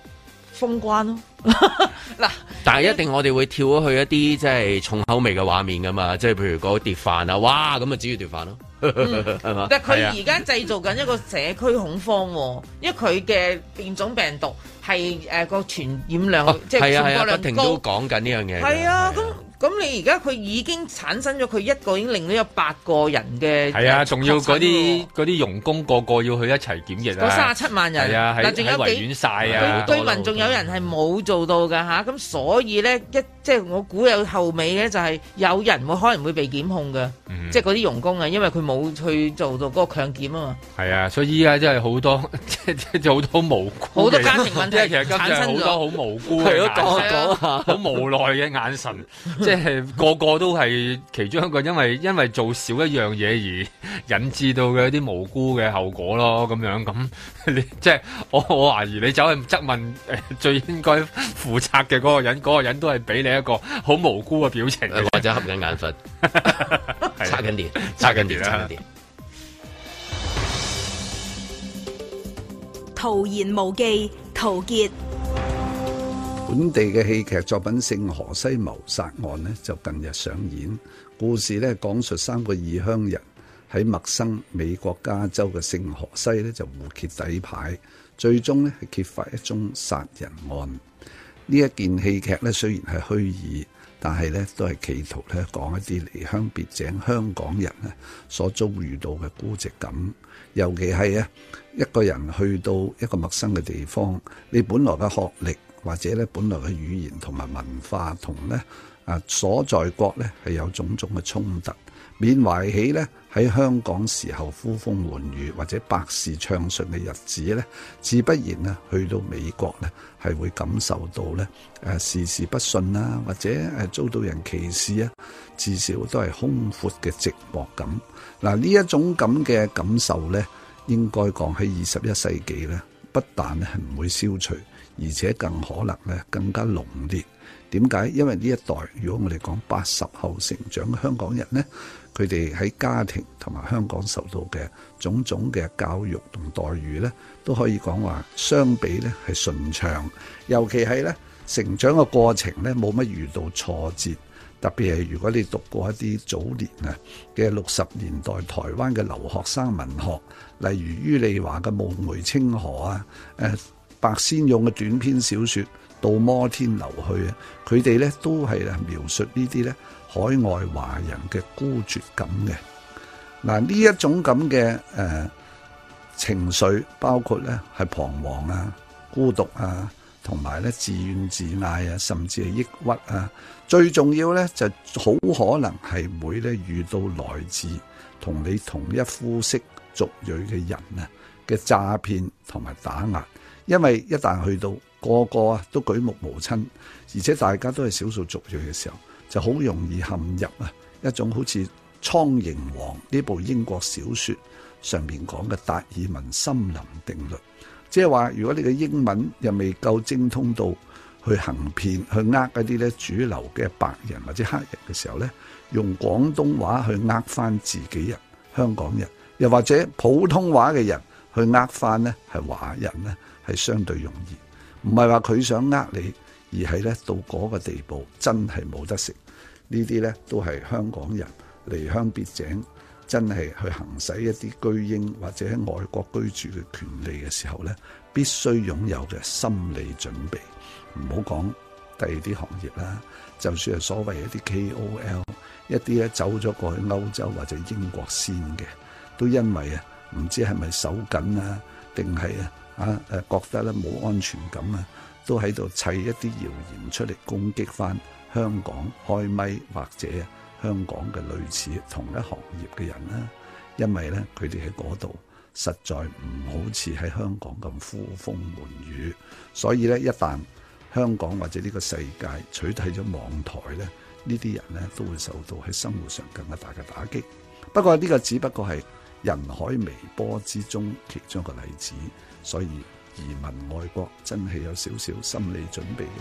封關咯。嗱， 但係一定我哋會跳咗去一啲即係重口味嘅畫面㗎嘛，即係譬如嗰碟飯啊，哇咁啊只要碟飯咯、啊，係 嘛、嗯？但係佢而家製造緊一個社區恐慌、啊， 因為佢嘅變種病毒。係誒個傳染量，即係傳播量都講緊呢樣嘢。係啊，咁咁你而家佢已經產生咗，佢一個已經令到有八個人嘅，係啊，仲要嗰啲嗰啲傭工個個要去一齊檢疫啊！三十七萬人係，嗱仲有幾遠曬啊？居民仲有人係冇做到㗎吓。咁所以咧一即係我估有後尾咧，就係有人會可能會被檢控嘅，即係嗰啲傭工啊，因為佢冇去做到嗰個強檢啊嘛。係啊，所以依家真係好多即係即係好多無辜好多家庭問題。即係其實跟住好多好無辜嘅眼神，好無奈嘅眼神，即係個個都係其中一個，因為因為做少一樣嘢而引致到嘅一啲無辜嘅後果咯，咁樣咁，即係我我懷疑你走去質問誒、呃、最應該負責嘅嗰個人，嗰、嗰個人都係俾你一個好無辜嘅表情，或者合緊眼瞓，擦緊電，擦緊電，擦緊電，徒然無忌。陶傑，本地嘅戲劇作品《聖荷西謀殺案》呢，就近日上演。故事呢，講述三個異鄉人喺陌生美國加州嘅聖荷西呢，就互揭底牌，最終呢係揭發一宗殺人案。呢一件戲劇呢，雖然係虛擬，但係呢都係企圖呢講一啲離鄉別井香港人呢所遭遇到嘅孤寂感。尤其係啊，一個人去到一個陌生嘅地方，你本來嘅學歷或者咧本來嘅語言同埋文化同咧啊所在國咧係有種種嘅衝突。緬懷起咧喺香港時候呼風喚雨或者百事暢順嘅日子咧，自不然啊去到美國咧係會感受到咧誒事事不順啦，或者誒遭到人歧視啊，至少都係空闊嘅寂寞感。嗱，呢一種咁嘅感受呢，應該講喺二十一世紀呢，不但呢係唔會消除，而且更可能呢更加濃烈。點解？因為呢一代，如果我哋講八十後成長嘅香港人呢，佢哋喺家庭同埋香港受到嘅種種嘅教育同待遇呢，都可以講話相比呢係順暢，尤其係呢成長嘅過程呢，冇乜遇到挫折。特別係如果你讀過一啲早年啊嘅六十年代台灣嘅留學生文學，例如於梨華嘅《夢回青河》啊，誒白先勇嘅短篇小説《到摩天樓去》啊，佢哋咧都係描述呢啲咧海外華人嘅孤絕感嘅。嗱呢一種咁嘅誒情緒，包括咧係彷徨啊、孤獨啊，同埋咧自怨自艾啊，甚至係抑鬱啊。最重要咧，就好可能係會咧遇到來自同你同一膚色族裔嘅人啊嘅詐騙同埋打壓，因為一旦去到個個啊都舉目無親，而且大家都係少數族裔嘅時候，就好容易陷入啊一種好似《蒼蠅王》呢部英國小說上面講嘅達爾文森林定律，即係話如果你嘅英文又未夠精通到，去行騙去呃嗰啲咧主流嘅白人或者黑人嘅時候咧，用廣東話去呃翻自己人、香港人，又或者普通話嘅人去呃翻咧係華人咧，係相對容易。唔係話，佢想呃你，而係咧到嗰個地步真係冇得食。呢啲咧都係香港人離鄉別井，真係去行使一啲居英或者外國居住嘅權利嘅時候咧，必須擁有嘅心理準備。唔好講第二啲行業啦，就算係所謂一啲 KOL 一啲咧走咗過去歐洲或者英國先嘅，都因為啊唔知係咪手緊啊，定係啊誒覺得咧冇安全感啊，都喺度砌一啲謠言出嚟攻擊返香港開咪或者香港嘅類似同一行業嘅人啦。因為咧佢哋喺嗰度實在唔好似喺香港咁呼風喚雨，所以咧一旦香港或者呢個世界取締咗網台呢，呢啲人呢都會受到喺生活上更加大嘅打擊。不過呢個只不過係人海微波之中其中一個例子，所以移民外國真係有少少心理準備嘅。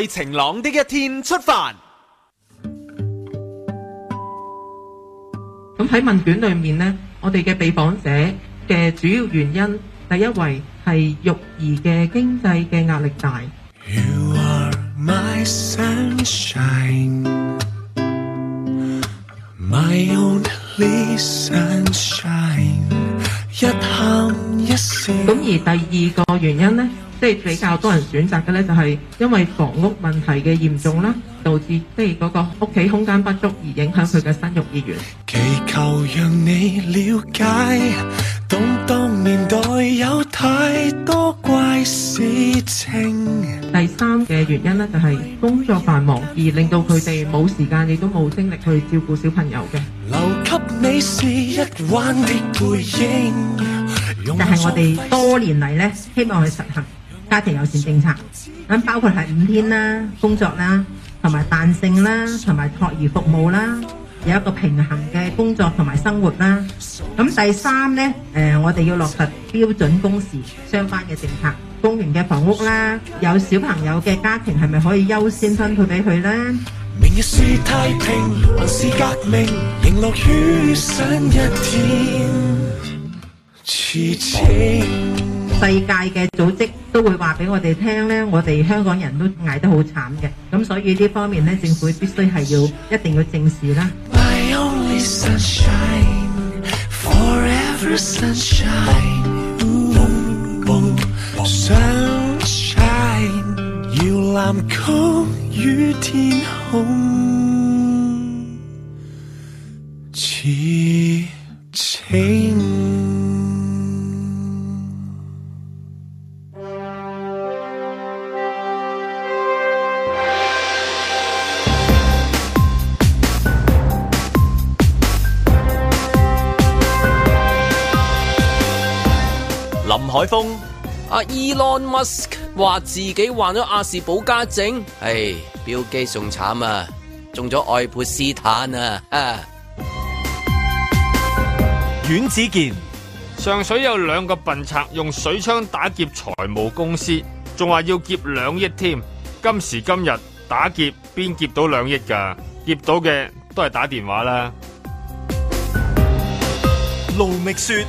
在晴朗的一天出發。咁喺問卷裏面呢，我哋嘅被訪者嘅主要原因第一位係育兒嘅經濟嘅壓力大。咁而第二個原因呢，即係比較多人選擇嘅咧，就係因為房屋問題嘅嚴重啦，導致即係嗰個屋企空間不足而影響佢嘅生育意願。祈求讓你了解，當當年代有太多怪事情。第三嘅原因咧，就係工作繁忙而令到佢哋冇時間，亦都冇精力去照顧小朋友嘅。留給你是一晚的背影。但係我哋多年嚟咧，希望去實行。家庭友善政策，咁包括係五天啦、工作啦、同埋彈性啦、同埋托兒服務啦，有一個平衡嘅工作同埋生活啦。咁第三呢，誒、呃、我哋要落實標準工時相關嘅政策，公營嘅房屋啦，有小朋友嘅家庭係咪可以優先分配俾佢呢？明日是太平，還是革命？仍落於上一天。咧？世界嘅組織都會話俾我哋聽咧，我哋香港人都捱得好慘嘅，咁所以呢方面咧，政府必須係要一定要正視啦。海峰阿、啊、Elon Musk 話自己患咗亞氏保加症，唉、哎，表記仲慘啊，中咗愛潑斯坦啊！阮、啊、子健上水有兩個笨賊用水槍打劫財務公司，仲話要劫兩億添，今時今日打劫邊劫到兩億㗎？劫到嘅都係打電話啦。盧覓雪。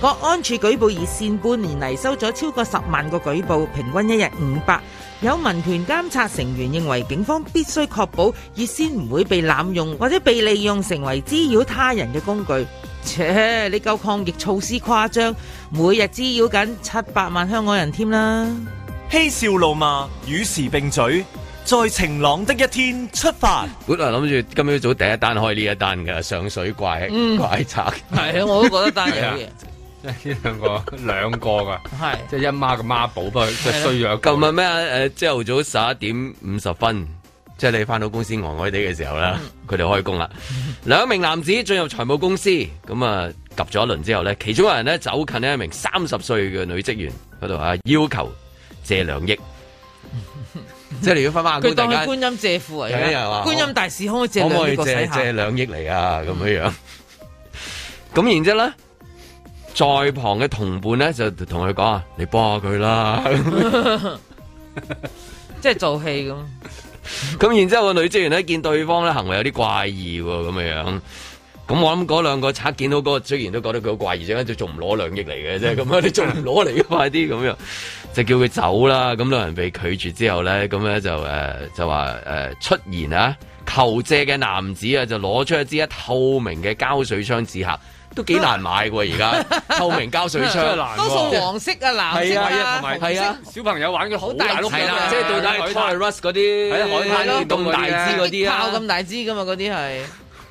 國安處舉報熱線半年嚟，收咗超過十萬個舉報，平均一日五百。有民權監察成員認為，警方必須確保熱線唔會被濫用，或者被利用成為滋擾他人嘅工具。切，你夠抗疫措施誇張，每日滋擾緊七百萬香港人添啦！嬉笑怒罵，與時並舉，在晴朗的一天出發。本來諗住今朝早第一單開呢一單嘅上水怪怪賊，係啊、嗯， 我都覺得單有嘢。呢 兩個兩個噶， 即係一媽嘅孖寶，不過即係衰弱。咁啊咩啊？誒、呃，朝頭早十一點五十分，即係你翻到公司呆呆地嘅時候啦，佢哋 開工啦。兩名男子進入財務公司，咁啊，及咗一輪之後咧，其中一人咧走近一名三十歲嘅女職員喺度啊，要求借兩億。 即係如果翻翻，佢當佢觀音借庫嚟嘅，在觀音大士可，可以借兩可可以借兩億嚟啊？咁樣樣，咁然之後咧。在旁嘅同伴咧就同佢講啊，你幫下佢啦， 即係做戲咁。咁然之後個女職員咧見對方咧行為有啲怪異喎，咁樣樣。咁我諗嗰兩個賊見到、個職員都覺得佢好怪異，陣間就點解仲唔攞兩億嚟嘅？即係咁樣，你仲唔攞嚟？快啲咁樣，就叫佢走啦。咁兩人被拒絕之後咧，咁咧就誒、呃、就話誒、呃、出言啊求借嘅男子啊就攞出一支一透明嘅膠水槍紙盒。都幾難買喎，而家透明膠水槍 多數黃色啊、藍色啊，同埋紅色、啊啊啊、小朋友玩嘅好大隻，即係到底 Polaris 嗰啲，係咯，咁大支嗰啲啊，炮咁大支嘅嘛嗰啲係。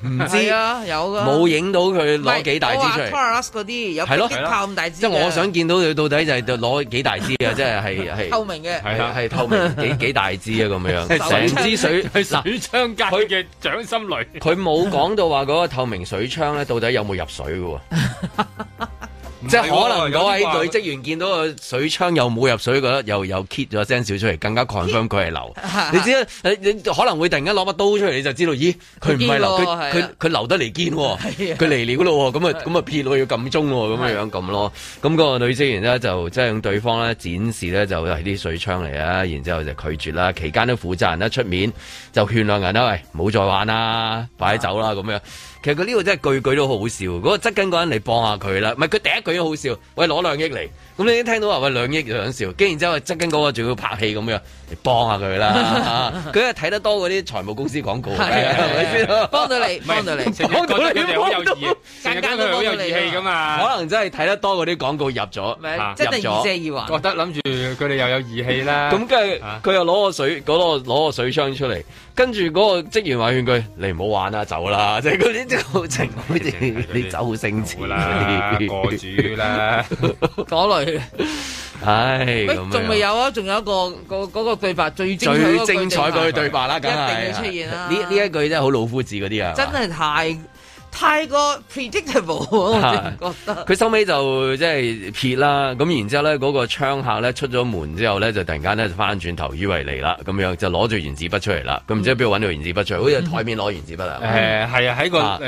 唔知啊，有噶冇影到佢攞幾大支出嚟？係咯、啊啊，即係我想見到佢到底就係攞幾大支 啊！即係係係透明嘅，係啊透明，幾幾大支啊咁樣樣。成支水 水槍，佢嘅掌心雷，佢冇講到話嗰個透明水槍咧，到底有冇入水嘅喎、啊？ 是即係可能嗰位女職員見到個水槍又冇入水，覺得又又 keep 咗聲笑出嚟，更加 confirm 佢係流。 你知啦，你可能會突然間攞把刀出嚟，你就知道，咦，佢唔係流，佢佢留流得嚟堅喎，佢嚟了咯喎，咁啊咁啊撇喎，要撳鐘喎，咁的樣樣咁咯。咁、嗰個女職員呢，就即係用對方咧展示呢，就係啲水槍嚟啊，然之後就拒絕啦。期間都負責人一出面就勸兩人、哎、 啦，喂，唔好再玩啦，快走啦咁樣。其實佢呢度真係句句都好笑，嗰個側根嗰人嚟幫下佢啦，唔係佢第一句都好笑。喂，攞兩億嚟，咁你已經聽到話，喂兩億兩兆，跟然之後側根嗰個仲要拍戲咁樣嚟幫下佢啦，佢係睇得多嗰啲財務公司廣告，係咪先？幫到你，幫到你，幫到你，幫到你，簡單，佢好有義氣噶嘛，可能真係睇得多嗰啲廣告入咗，咩入咗？覺得諗住佢哋又有義氣啦，咁跟住，佢又攞個水嗰個攞個水槍出嚟。跟住嗰個職員話：勸佢，你唔好玩啦，走啦！即係嗰啲即係好似你你走性子啦， 過主啦，嗰類。唉，仲未有啊？仲有一個一個嗰、嗰個對白最最精彩個句最精彩個對白啦，一定要出現啦，啊！呢呢一句真係好老夫子嗰啲啊，真係太～太過 predictable，我真覺得。佢收尾就即係撇啦，咁然之後咧嗰、嗰個窗客咧出咗門之後咧就突然間咧翻轉頭以為嚟啦，咁樣就攞住原子筆出嚟啦，咁唔、嗯、知邊度揾到原子筆出嚟，好似喺台面攞原子筆啊。誒係啊，喺個誒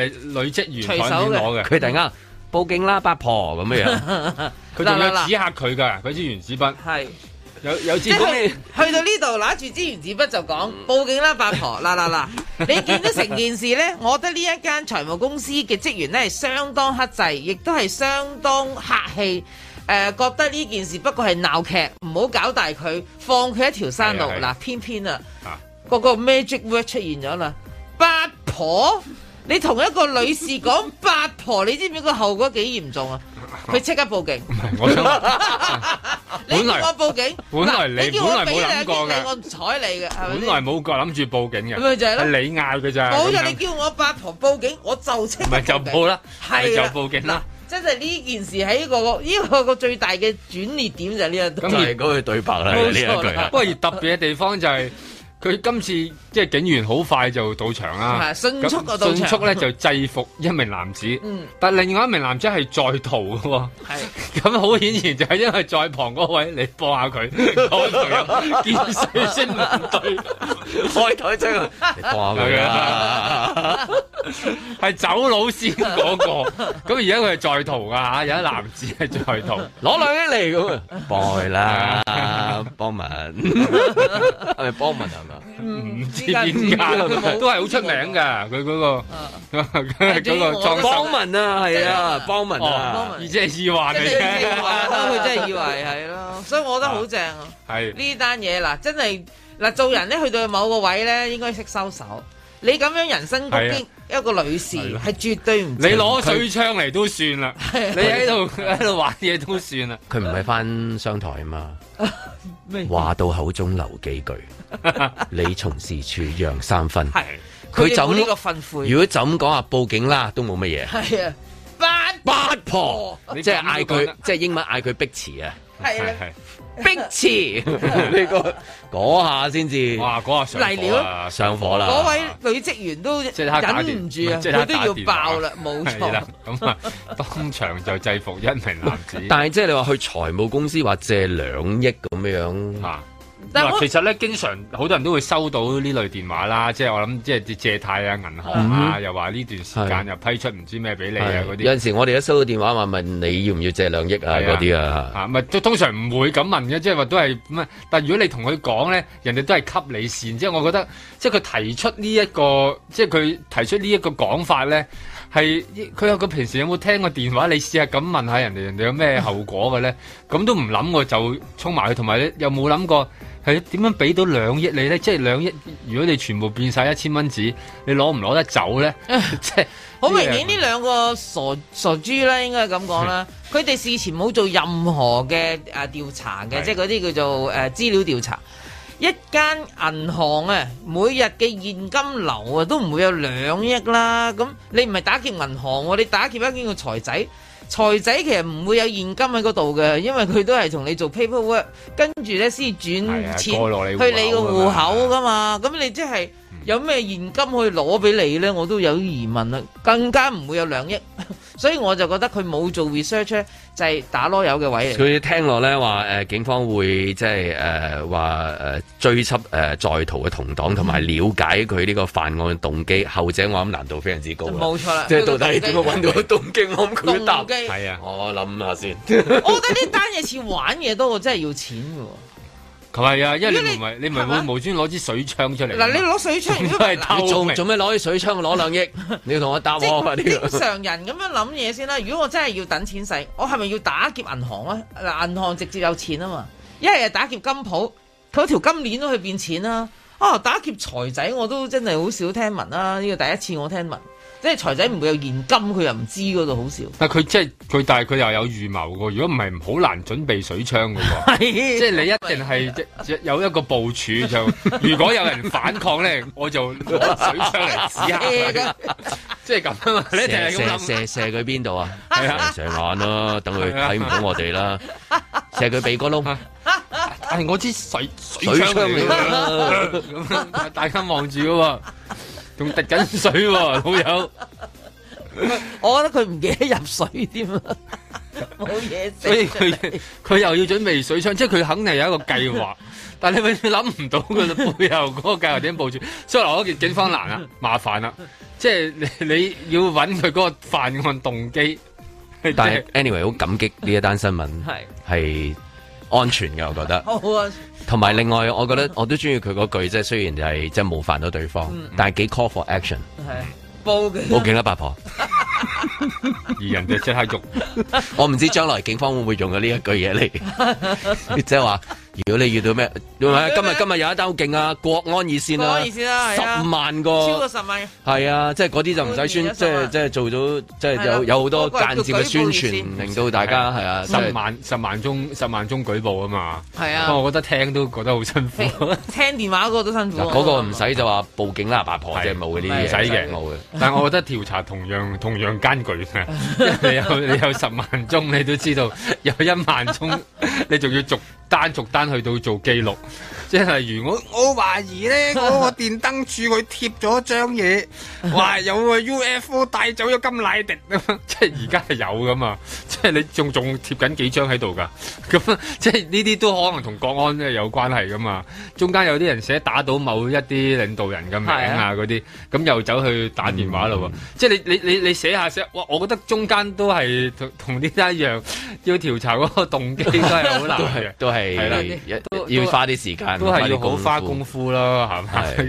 女職員隨手攞嘅，佢突然間報警啦，八婆咁嘅樣，佢仲要指嚇佢㗎，佢支原子筆。係。有有紙去去到呢度，拿住資源紙筆就講報警啦，八婆 啦啦啦！你見到成件事呢。我覺得呢一間財務公司嘅職員呢，係相當克制，亦都係相當客氣。誒、呃，覺得呢件事不過係鬧劇，唔好搞大佢，放佢一條生路。嗱是，偏偏啊，啊個個 magic word 出現咗啦，八婆。你同一個女士講八婆，你知唔知個後果幾嚴重啊？佢即刻報警。唔係，我想，你叫我報警。本來你本來冇諗過嘅，我唔睬你嘅，本來冇個諗住報警嘅。咁咪就係你嗌嘅咋？冇你叫我八婆報警，我就唔係就報啦。係就報警啦。真係呢件事喺個呢個個最大嘅轉捩點就係呢一度，咁而嗰句對白啦，冇錯。不過而特別嘅地方就係。佢今次即係警員好快就到場啦，迅速個到場咧就制服一名男子，但係另外一名男子係在逃喎。係咁好顯然就係因為在旁嗰位嚟幫下佢，見水先唔對，開台真係，係走佬先嗰個。咁而家佢係在逃噶吓，有一男子係在逃，攞兩嚟咁，幫佢啦，幫民係咪幫民啊？唔知點解都係好出名噶，佢嗰個嗰個莊幫民啊，係啊幫民，啊，而即係以為佢真係以為係咯，所以我覺得好正啊！係呢單嘢嗱，真係嗱，做人咧去到某個位咧，應該識收手。你咁樣人身攻擊一個女士係絕對唔你攞水槍嚟都算啦，你喺度喺度玩嘢都算啦。佢唔係翻商台啊嘛，話到口中留幾句。你從事處讓三分，係佢就呢個吩咐。如果就咁講下，報警啦都冇乜嘢。係啊，八八婆，即係嗌佢，即係英文嗌佢逼辭啊。係啊，逼辭呢個嗰下先至。哇，嗰下上火啦，上火啦！嗰位女職員都即刻忍唔住啊，都要爆啦，冇錯。咁啊，當場就制服一名男子。但係即係你話去財務公司話借兩億咁樣。但其實咧，經常好多人都會收到呢類電話啦，即係我諗，即係借貸啊、銀行啊，嗯、又話呢段時間又批出唔知咩俾你啊嗰啲的些。有陣時我哋一收到電話話問你要唔要借兩億啊嗰啲的啊，啊都通常唔會咁問嘅，即係話都係咩，但如果你同佢講咧，人哋都係給你線。即係我覺得，即係佢提出呢一個，即係佢提出呢一個講法咧，係佢有佢平時有冇聽過電話？你試下咁問下人哋，人哋有咩後果嘅咧？咁都唔諗過就沖埋，同埋你。有冇諗過？係點樣俾到兩億你兩億呢？即係兩億，如果你全部變晒一千蚊紙，你攞唔攞得走呢？即係好明顯呢是兩個傻傻豬啦，應該係咁講啦。佢哋 事前冇做任何嘅誒、啊、調查嘅， 即係嗰啲叫做誒、啊、資料調查。一間銀行啊，每日嘅現金流啊，都唔會有兩億啦。咁你唔係打劫銀行、啊，你打劫一間個財仔。財仔其實唔會有現金喺嗰度嘅，因為佢都係同你做 paper work，跟住呢，先轉錢去你個戶口㗎嘛，咁你即係。有咩現金去攞俾你咧？我都有疑問啦，更加唔會有兩億，所以我就覺得佢冇做 research 就係打攞友嘅位。佢聽落咧話誒，警方會即係誒話誒追緝誒、呃、在逃嘅同黨，同埋了解佢呢個犯案嘅動機。後者我諗難度非常之高啊！冇錯啦，即係到底點樣揾到個動機？我我冇回答。係啊，我諗下先。我覺得呢單嘢似玩嘢多過真係要錢嘅喎。佢係啊，因為你唔係，你唔係會無端攞支水槍出嚟。嗱，你攞水槍， 你做做咩攞啲水槍攞兩億？ 你要同我答我呢、啊、個常人咁樣諗嘢先啦。如果我真係要等錢使，我係咪要打劫銀行啊？銀銀行直接有錢啊嘛。一係打劫金鋪，佢條金鏈都去變變錢啦、啊。啊，打劫財仔我都真係好少聽聞啦、啊，呢個第一次我聽聞。即係財仔唔會有現金，佢又唔知嗰度，好少。但佢即係佢，但係佢又有預謀嘅。如果唔係，好難準備水槍嘅。即係你一定係有一個部署，就如果有人反抗咧，我就攞水槍嚟指下。即係咁啊，你射射射射佢邊度啊？啊，射眼啦，等佢睇唔到我哋啦。射佢鼻哥窿。唉，我知水水槍嚟，大家望住嘅。仲滴緊水喎，啊，老友， 我覺得佢唔記得入水添啊，冇嘢。所以佢佢又要準備水槍，即係佢肯定有一個計劃， 但係你諗唔到佢背後嗰個計劃點部署。所以嚟我見警方難啊，麻煩啦，即係你你要揾佢嗰個犯案動機。但係 anyway 好 感激呢一單新聞，係係安全嘅，我覺得。好好同埋另外，我覺得我都中意佢嗰句，即係雖然係即係冒犯到對方，嗯、但係幾 call for action。係、啊，報警。報警啦，八婆。 而人哋就即刻喐！我唔知將來警方會唔會用咗呢一句嘢嚟，即係話。如果你遇到咩，今日今日有一兜好勁啊？國安熱線啊，國安熱線啦，十萬個超過十萬，係啊，即係嗰啲就唔使宣，即係即係做咗，即係有有好多間接嘅宣傳，令到大家係啊，十萬十萬宗十萬宗舉報啊嘛，係啊。不過我覺得聽都覺得好辛苦，聽電話嗰個都辛苦。嗰個唔使就話報警啦，八婆即係冇嗰啲唔使嘅冇嘅。但係我覺得調查同樣同樣艱巨啊！因為你有你有十萬宗，你都知道有一萬宗，你仲要逐。單逐單去到做記錄，即係例如我我懷疑咧，嗰個電燈柱佢貼咗張嘢，話有個 UFO 帶走咗金乃迪 即係而家係有噶嘛？即係你仲仲貼緊幾張喺度噶？咁即係呢啲都可能同國安咧有關係噶嘛？中間有啲人寫打倒某一啲領導人嘅名啊嗰啲，咁是、啊、又走去打電話嘞喎！嗯嗯嗯即係你你你你寫下寫哇，我覺得中間都係同同呢單一樣，要調查嗰個動機都係好難 都係。係啦，要花啲時間，都係要好花功夫咯，係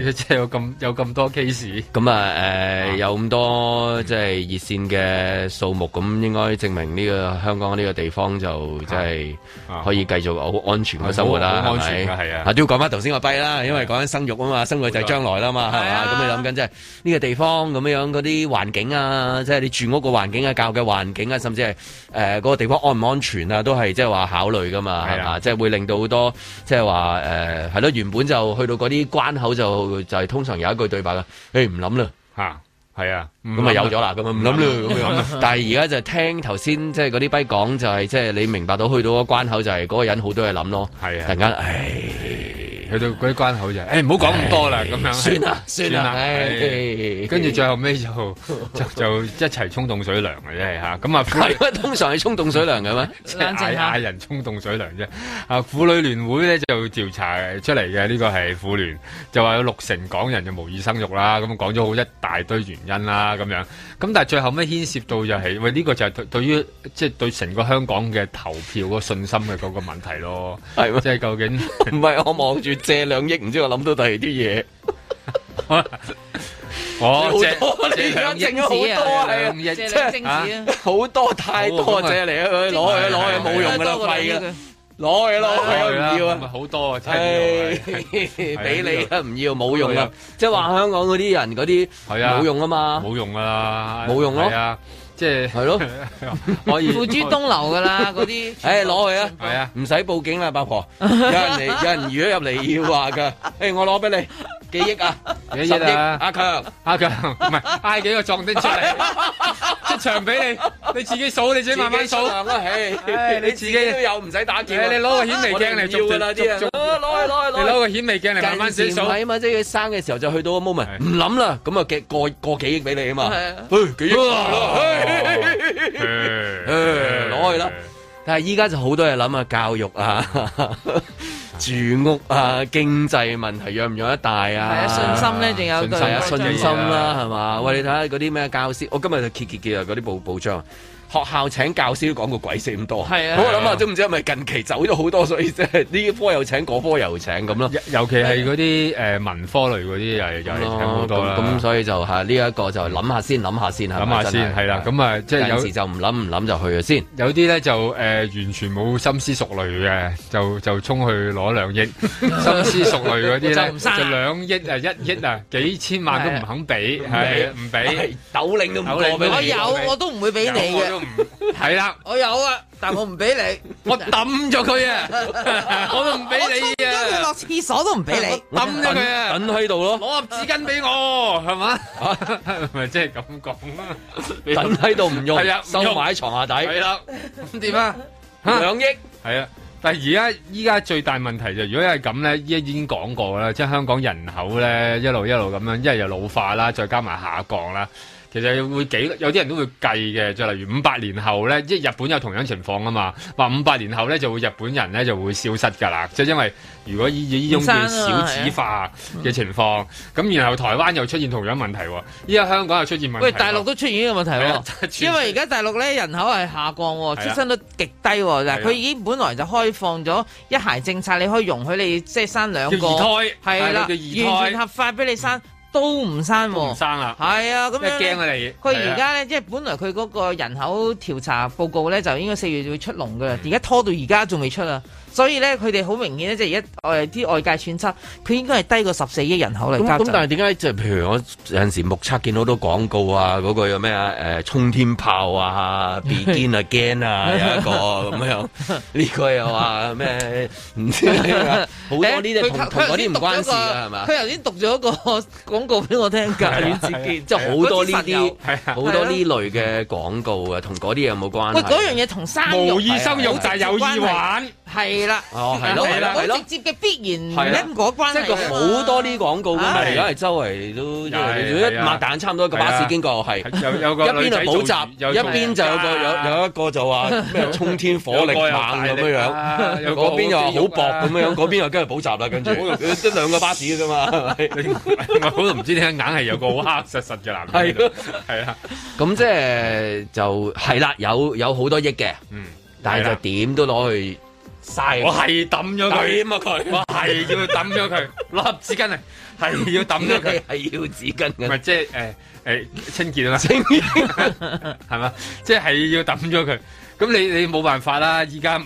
咪？即係有咁有咁多 case，咁啊，誒，有咁多即係熱線嘅數目，咁應該證明呢個香港呢個地方就即係可以繼續好安全嘅生活啦，係啊，係啊。啊，都要講翻頭先個弊啦，因為講緊生育啊嘛，生育就係將來啦嘛，係嘛。咁你諗緊即係呢個地方咁樣樣嗰啲環境啊，即係你住屋個環境啊、教嘅環境啊，甚至係誒嗰個地方安唔安全啊，都係即係話考慮噶嘛，係啊，即係。會令到好多即係話誒，係咯，原本就去到嗰啲關口就就係通常有一句對白噶，誒唔諗啦吓，係啊咁咪有咗啦，咁樣唔諗啦咁樣。 但係而家就聽頭先即係嗰啲跛講，就係即係你明白到去到個關口就係嗰個人好多嘢諗咯，係啊的，突然間的去到嗰啲關口就，誒唔好講咁多啦，咁、哎、樣，算啦算啦，跟住最後尾就就就一齊沖凍水涼嘅啫吓，咁 啊， 通常係沖凍水涼嘅咩？即叫人沖凍水涼啫。啊，婦女聯會咧就調查出嚟嘅呢個係婦聯，就話有六成港人就無意生育啦，咁講咗好一大堆原因啦，咁樣，咁但係最後尾牽涉到就係、是，喂呢、這個就係對於即係、就是、對成個香港嘅投票、那個信心嘅嗰個問題咯，即係嗎究竟，唔係 我望住。借兩億，唔知我諗到第二啲嘢。哦，借你講正字啊，好多太多借嚟啊，攞去攞去冇用噶啦，係啊，攞去咯，唔要啊，好多啊，真係俾你啊，唔要冇用啊，即係話香港嗰啲人嗰啲冇用啊嘛，冇用噶啦，冇用咯。即係係咯，可以付諸東流噶啦嗰啲，誒攞去啊，係啊，唔使報警啦，八婆，有人嚟，有人如果入嚟要話㗎，誒我攞俾你幾億啊，幾億啊，阿強阿強唔係嗌幾個壯丁出嚟出場俾你，你自己數你自己慢慢數啊，唉，你自己都有唔使打劫，你攞個顯微鏡嚟照噶啦啲人，攞去攞去攞去，你攞個顯微鏡嚟慢慢數數啊嘛，即係佢生嘅時候就去到個 moment，唔諗啦，咁啊嘅過過幾億俾你啊嘛，誒幾億啊？攞、哦嗯、去啦！但係依家就好多嘢諗下教育啊呵呵，住屋啊，經濟問題養唔養得大啊？信心咧，仲有信心啦，係嘛？喂，嗯、你睇下嗰啲咩教師，我、哦、今日就揭揭揭啊，嗰啲報報章。學校請教師都講過鬼死咁多，咁我諗下都唔知係咪近期走咗好多，所以即係呢科又請，嗰科又請咁咯。尤其係嗰啲誒文科類嗰啲，又又請好多啦。咁所以就嚇呢一個就諗下先，諗下先嚇。諗下先，係啦。咁啊，即係有時就唔諗唔諗就去咗先。有啲咧就誒完全冇深思熟慮嘅，就就衝去攞兩億。深思熟慮嗰啲，就兩億啊一億啊幾千萬都唔肯俾，係唔俾。斗零都唔，我有我都唔會俾你嘅。係啦，我有啊，但係我唔俾你，我抌咗佢啊！我都唔俾你啊！我沖咗佢落廁所都唔俾你，抌咗佢啊！抌喺度咯，攞盒紙巾俾我，係嘛？咪即係咁講咯，抌喺度唔用，收埋喺床下底。係啦，點啊？吓兩億，係啊！但係而家依家最大問題就如果係咁咧，依家已經講過啦，即係香港人口咧一路一路咁樣，一係又老化啦，再加埋下降啦。其實會幾有啲人都會計嘅，就例如五百年後咧，即係日本有同樣情況啊嘛，話五百年後咧就會日本人咧就會消失㗎啦，就因為如果依呢種叫少子化嘅情況，咁、啊、然後台灣又出現同樣問題，依家香港又出現問題，喂，大陸都出現呢個問題喎，啊、因為而家大陸咧人口係下降，出生率極低，嗱佢、啊啊、已經本來就開放咗一孩政策，你可以容許你即係生兩個二胎，係啦、啊，完全合法俾你生。嗯都唔生喎，唔生啦，係啊，咁樣驚啊！佢而家咧，即係是、啊、本來佢嗰個人口調查報告咧，就應該四月就會出籠噶啦，而家拖到而家仲未出啊！所以咧，佢哋好明顯咧，即係一啲外界揣測，佢應該係低過十四億人口嚟。咁咁，但係點解即係譬如我有陣時目測見到好多廣告啊，嗰個有咩啊？誒，沖天炮啊，鼻尖啊，驚啊，有一個咁樣呢個又話咩？唔知好多呢啲同同嗰啲唔關事啊，係嘛？佢頭先讀咗一個廣告俾我聽㗎，即係好多呢啲好多呢類嘅廣告啊，同嗰啲嘢有冇關？喂，嗰樣嘢同生意無意收肉，就係有意玩。係啦，哦，係咯，係啦，好直接嘅必然因果關係。即係好多啲廣告咁啊，而家係周圍都，如果一擘大，差唔多一個巴士經過，係，一邊就補習，一邊就有個有有一個就話咩沖天火力猛咁樣樣，邊又好薄咁樣樣，嗰邊又跟住補習啦，跟住，即兩個巴士啫嘛，我都唔知點解硬係有個好黑實實嘅男，係，係啊，咁即係就係啦，有有好多億嘅，但係就點都攞去。嘥！我係抌咗佢啊嘛，我係要抌咗佢，攞紙巾啊！係要抌咗佢，係要紙巾嘅。唔係即係誒誒清潔啊嘛，清潔係嘛？即係要抌咗佢。咁你你冇辦法啦，依家唔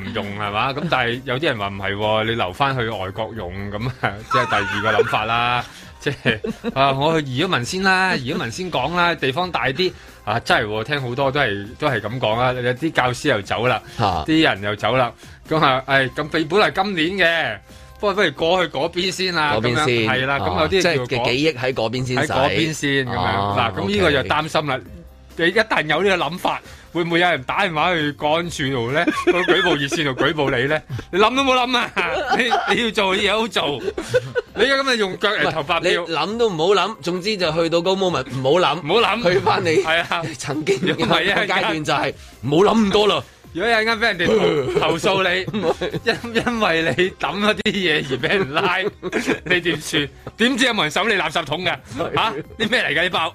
唔用係嘛？咁但係有啲人話唔係，你留翻去外國用咁啊，即係第二個諗法啦。即係啊！我去移咗民先啦，移咗民先講啦。地方大啲啊，真係聽好多都係都係咁講啦。有啲教師又走啦，啲人又走啦。咁啊，誒咁本來係今年嘅，不過不如過去嗰邊先啦。咁樣係啦，咁有啲嘅幾億喺嗰邊先，喺嗰邊先咁樣嗱，咁呢個就擔心啦。你一旦有呢個諗法，會唔會有人打電話去幹線度咧？個舉報熱線度舉報你咧？你諗都冇諗啊！你你要做嘢好做，你而家咁咪用腳嚟頭髮？你要諗都唔好諗，總之就去到個 moment 唔好諗，唔好諗佢。翻你係啊曾經嘅第一階段就係唔好諗咁多咯。如果有一間俾人哋投訴你，因因為你抌一啲嘢而俾人拉，你點算？點知有冇人收你垃圾桶嘅？嚇，啲咩嚟㗎？啲包。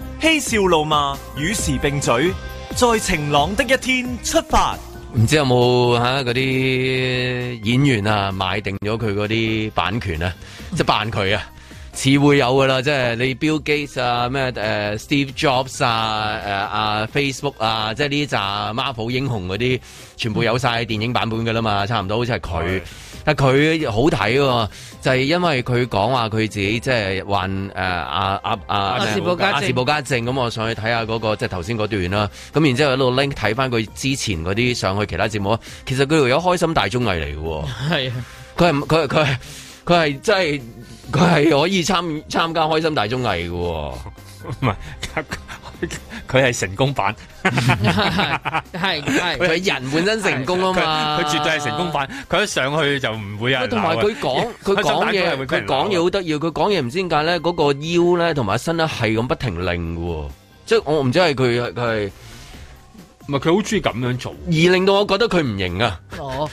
嬉笑怒罵與時並舉，在晴朗的一天出發。唔知有冇吓嗰啲演員啊買定咗佢嗰啲版權、啊、 即係扮佢啊，似會有噶啦。即係你 Bill Gates 啊，咩誒、呃、Steve Jobs 啊，誒、呃啊、Facebook 啊，即係呢紮 Marvel 英雄嗰啲，全部有晒電影版本噶啦嘛，差唔多好似係佢。 但佢好睇喎、哦，就係、是、因為佢講話佢自己即係患誒阿阿阿家政。咁、啊嗯，我上去睇下嗰、那個即係頭先嗰段啦。咁、啊嗯、然之後喺度 link 睇翻佢之前嗰啲上去其他節目啊。其實佢而有開心大綜藝嚟嘅喎，係佢係佢佢係佢係真係佢係可以參參加開心大綜藝嘅喎，唔係。佢係 成， 成功版，係係佢人本身成功啊嘛，佢絕對係成功版，佢一上去就唔會啊。同埋佢講佢講嘢，佢講嘢好得意，佢講嘢唔知點解咧，嗰 個腰咧同埋身咧係咁不停擰嘅、哦，即係我唔知係佢係，係佢好中意咁樣做，而令到我覺得佢唔型啊。 哦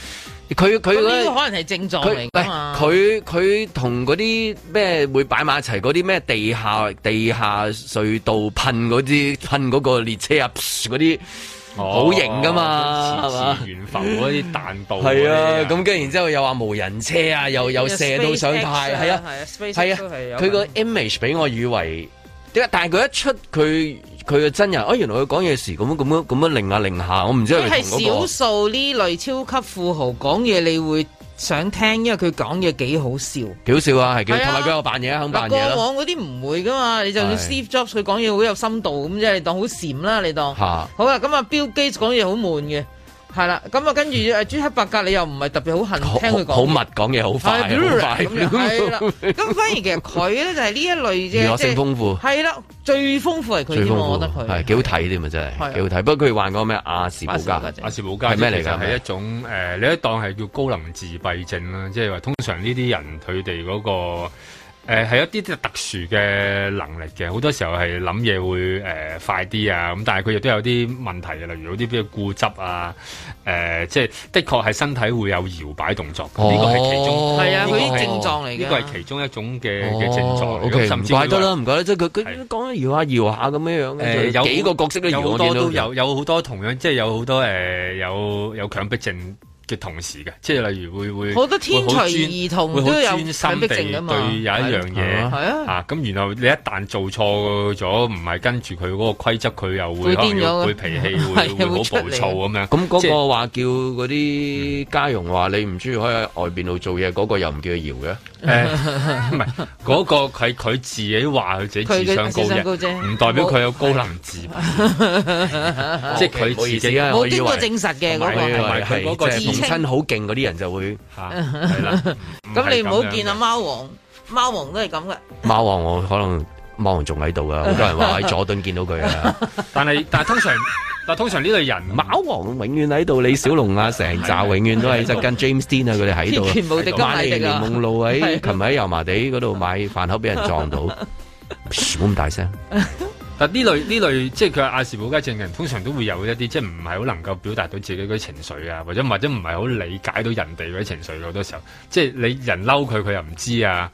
佢佢可能係症狀嚟噶嘛？佢佢同嗰啲咩會擺埋一齊嗰啲咩，地下地下隧道噴嗰啲噴嗰個列車啊，嗰啲好型噶嘛？係嘛？懸浮嗰啲彈道係啊！咁跟住然之後又話無人車啊，又又射到上太係啊！係啊！佢個 image 俾我以為點解，但係佢一出佢。佢嘅真人哦、哎，原來佢講嘢時咁樣咁樣咁樣擰下擰下，我唔知係少數呢類超級富豪講嘢你會想聽，因為佢講嘢幾好笑，幾好笑啊，係同埋佢又扮嘢，肯扮嘢啦。過往嗰啲唔會噶嘛，你就算 Steve Jobs 佢講嘢好有深度，咁即係當好禪啦，你當。是好啊，咁、嗯、啊 Bill Gates 講嘢好悶嘅。係啦，咁啊，跟住阿朱克伯格，你又唔係特別好恨，聽佢講好密，講嘢好快，好快，咁反而其實佢咧就係呢一類啫，娛樂性豐富。係啦，最豐富係佢，我覺得佢，係幾好睇啲嘛真係，幾好睇。不過佢患過咩亞士保加症，亞士保加係咩嚟㗎？係一種誒，你當係叫高能自閉症啦，即係話通常呢啲人佢哋嗰個。誒係、呃、一啲啲特殊嘅能力嘅，好多時候係諗嘢會誒、呃、快啲啊！咁但係佢亦都有啲問題嘅，例如有啲比較固執啊，誒、呃、即係的確係身體會有搖擺動作呢、哦、個係其中係啊，啲症狀嚟嘅，呢個係、哦、其中一種嘅嘅、哦、症狀。OK，唔怪得啦，唔怪得，即係佢佢講搖下搖下咁樣樣嘅，搖搖搖搖搖有幾個角色咧，搖、呃、多，有好多都有有好多同樣即係有好多、呃、有有強迫症。嘅同時嘅，即係例如會會好多天才兒童會好專心地對有一樣嘢，係啊，咁。然後你一旦做錯咗，唔係跟住佢嗰個規則，佢又會癲咗，會脾氣會好暴躁咁樣。咁嗰個話叫嗰啲家傭話你唔中意可以喺外面度做嘢，嗰個又唔叫搖嘅。誒，唔係，嗰個係佢自己話佢自己智商高啫，唔代表佢有高能智即係佢自己，冇經過證實嘅嗰個本身好勁嗰啲人就會係啦，咁你唔好見阿貓王，貓王都係咁嘅。貓王我可能貓王仲喺度啊。好多人話喺佐敦見到佢啊。但係但係通常，但係通常呢類人，貓王永遠喺度，李小龍啊，成扎永遠都係就跟 James Dean 啊佢哋喺度。全部的帝啦。夢露喺，琴日喺油麻地嗰度買飯盒俾人撞到，噓咁大聲。但呢類呢類即係佢亞氏保加症嘅人，通常都會有一啲即係唔係好能夠表達到自己嗰啲情緒啊，或者或者唔係好理解到人哋嗰啲情緒好多時候，即係你人嬲佢，佢又唔知啊。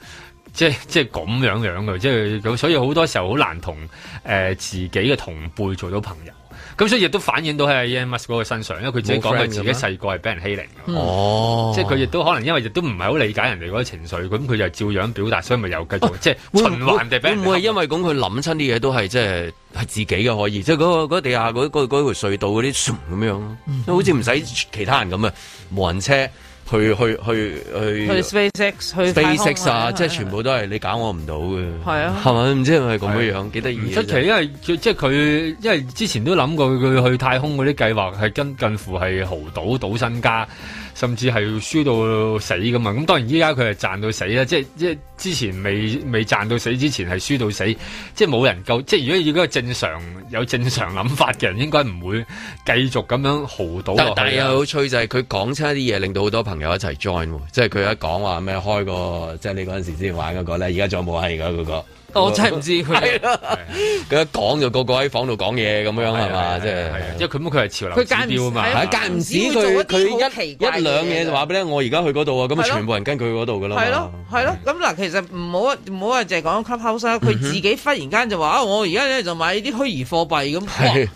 即係即係咁樣樣嘅，即係所以好多時候好難同誒、呃、自己嘅同輩做到朋友。咁所以亦都反映到喺阿 Elon Musk 嗰個身上，因為佢自己講佢自己細個係俾人欺凌的。哦，即係佢亦都可能因為亦都唔係好理解人哋嗰啲情緒，咁佢就照樣表達，所以咪又繼續、啊、即係循環地哋俾人。會唔會係因為咁佢諗親啲嘢都係即係係自己嘅可以？即係嗰、嗰個嗰個地下嗰條隧道嗰啲蟲咁樣，嗯、好似唔使其他人咁嘅無人車。去去去去，去，去，去，去 SpaceX 去太空啊！即係全部都係你搞我唔到嘅，係啊對吧，係咪唔知係咪咁樣樣幾得意？出奇，因為即係佢，因為之前都諗過佢去太空嗰啲計劃係跟近乎係豪賭賭身家。甚至係輸到死㗎嘛。咁當然依家佢係賺到死啦，即係即係之前未未賺到死之前係輸到死，即係冇人夠。即係如果如果個正常有正常諗法嘅人，應該唔會繼續咁樣豪到落去。但係有趣就係佢講出一啲嘢，令到好多朋友一齊 join，即係佢一講話咩開個即係你嗰陣時先玩嗰個咧，而家仲有冇係㗎嗰個。我真係唔知佢 是的，佢一講就個個喺房度講嘢咁樣係嘛？即係，因為佢冇佢係潮流他不，佢間唔到嘛，係間唔止佢，佢一兩嘢就話俾你聽，我而家去嗰度啊，咁全部人跟佢嗰度㗎啦。係咯，係咯。咁嗱，其實唔好唔好話淨係講 clubhouse 啦，佢自己忽然間就話、啊、我而家咧就買啲虛擬貨幣咁，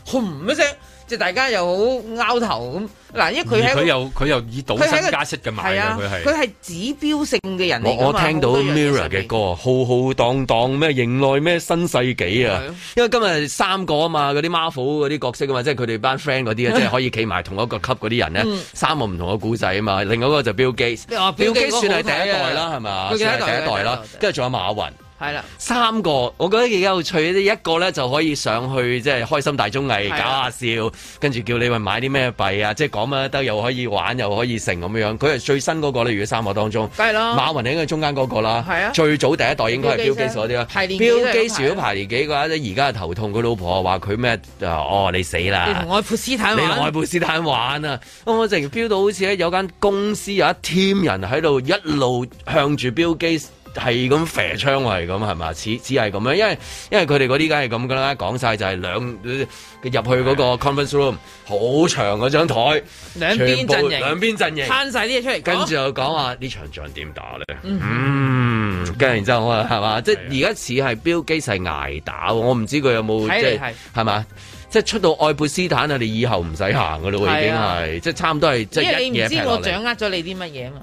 轟一聲。 即係大家又好拗頭咁，嗱，因為佢佢又佢又以賭身加息嘅買啊，佢係指標性嘅人嚟。我聽到 Mirror 嘅歌，浩浩蕩蕩咩迎來咩新世紀啊，因為今日三個啊嘛，嗰啲 Marvel 嗰啲角色啊嘛，即係佢哋班 friend 嗰啲，即係可以企埋同一個級嗰啲人咧，三個唔同嘅古仔啊嘛，另外一個就 Bill Gates，Bill Gates 算係第一代啦，係咪？算係第一代啦，跟住仲有馬雲。係啦，三個，我覺得幾有趣咧。一個咧就可以上去即係、就是、開心大綜藝是的 搞下笑，跟住叫你話買啲咩幣啊，即係講乜得又可以玩又可以成咁樣。佢係最新嗰、那個咧，如果三個當中，梗咯。馬雲應該中間嗰、那個啦，啊。是的 最早第一代應該係 Bill Gates 嗰啲啦 Bill Gates 排年幾嘅話而家係頭痛。佢老婆話佢咩哦你死啦，愛潑斯坦玩，你愛潑斯坦玩啊！我成日飆到好似有間公司有一 team 人喺度一路向住 Bill Gates 係咁肥窗係咁係嘛？似似係咁樣，因為因為佢哋嗰啲梗係咁噶啦，講晒就係兩入去嗰個 conference room，好長嗰張台，兩邊陣營，兩邊陣營，攤晒啲嘢出嚟，跟住又講話呢場仗點打咧？嗯，跟住然之後我話係嘛？即係而家似係標機勢挨打，我唔知佢有冇即係，係嘛？即係出到愛普斯坦啊！你以後唔使行噶咯，已經係即係差唔多係，因為你唔知我掌握咗你啲乜嘢嘛。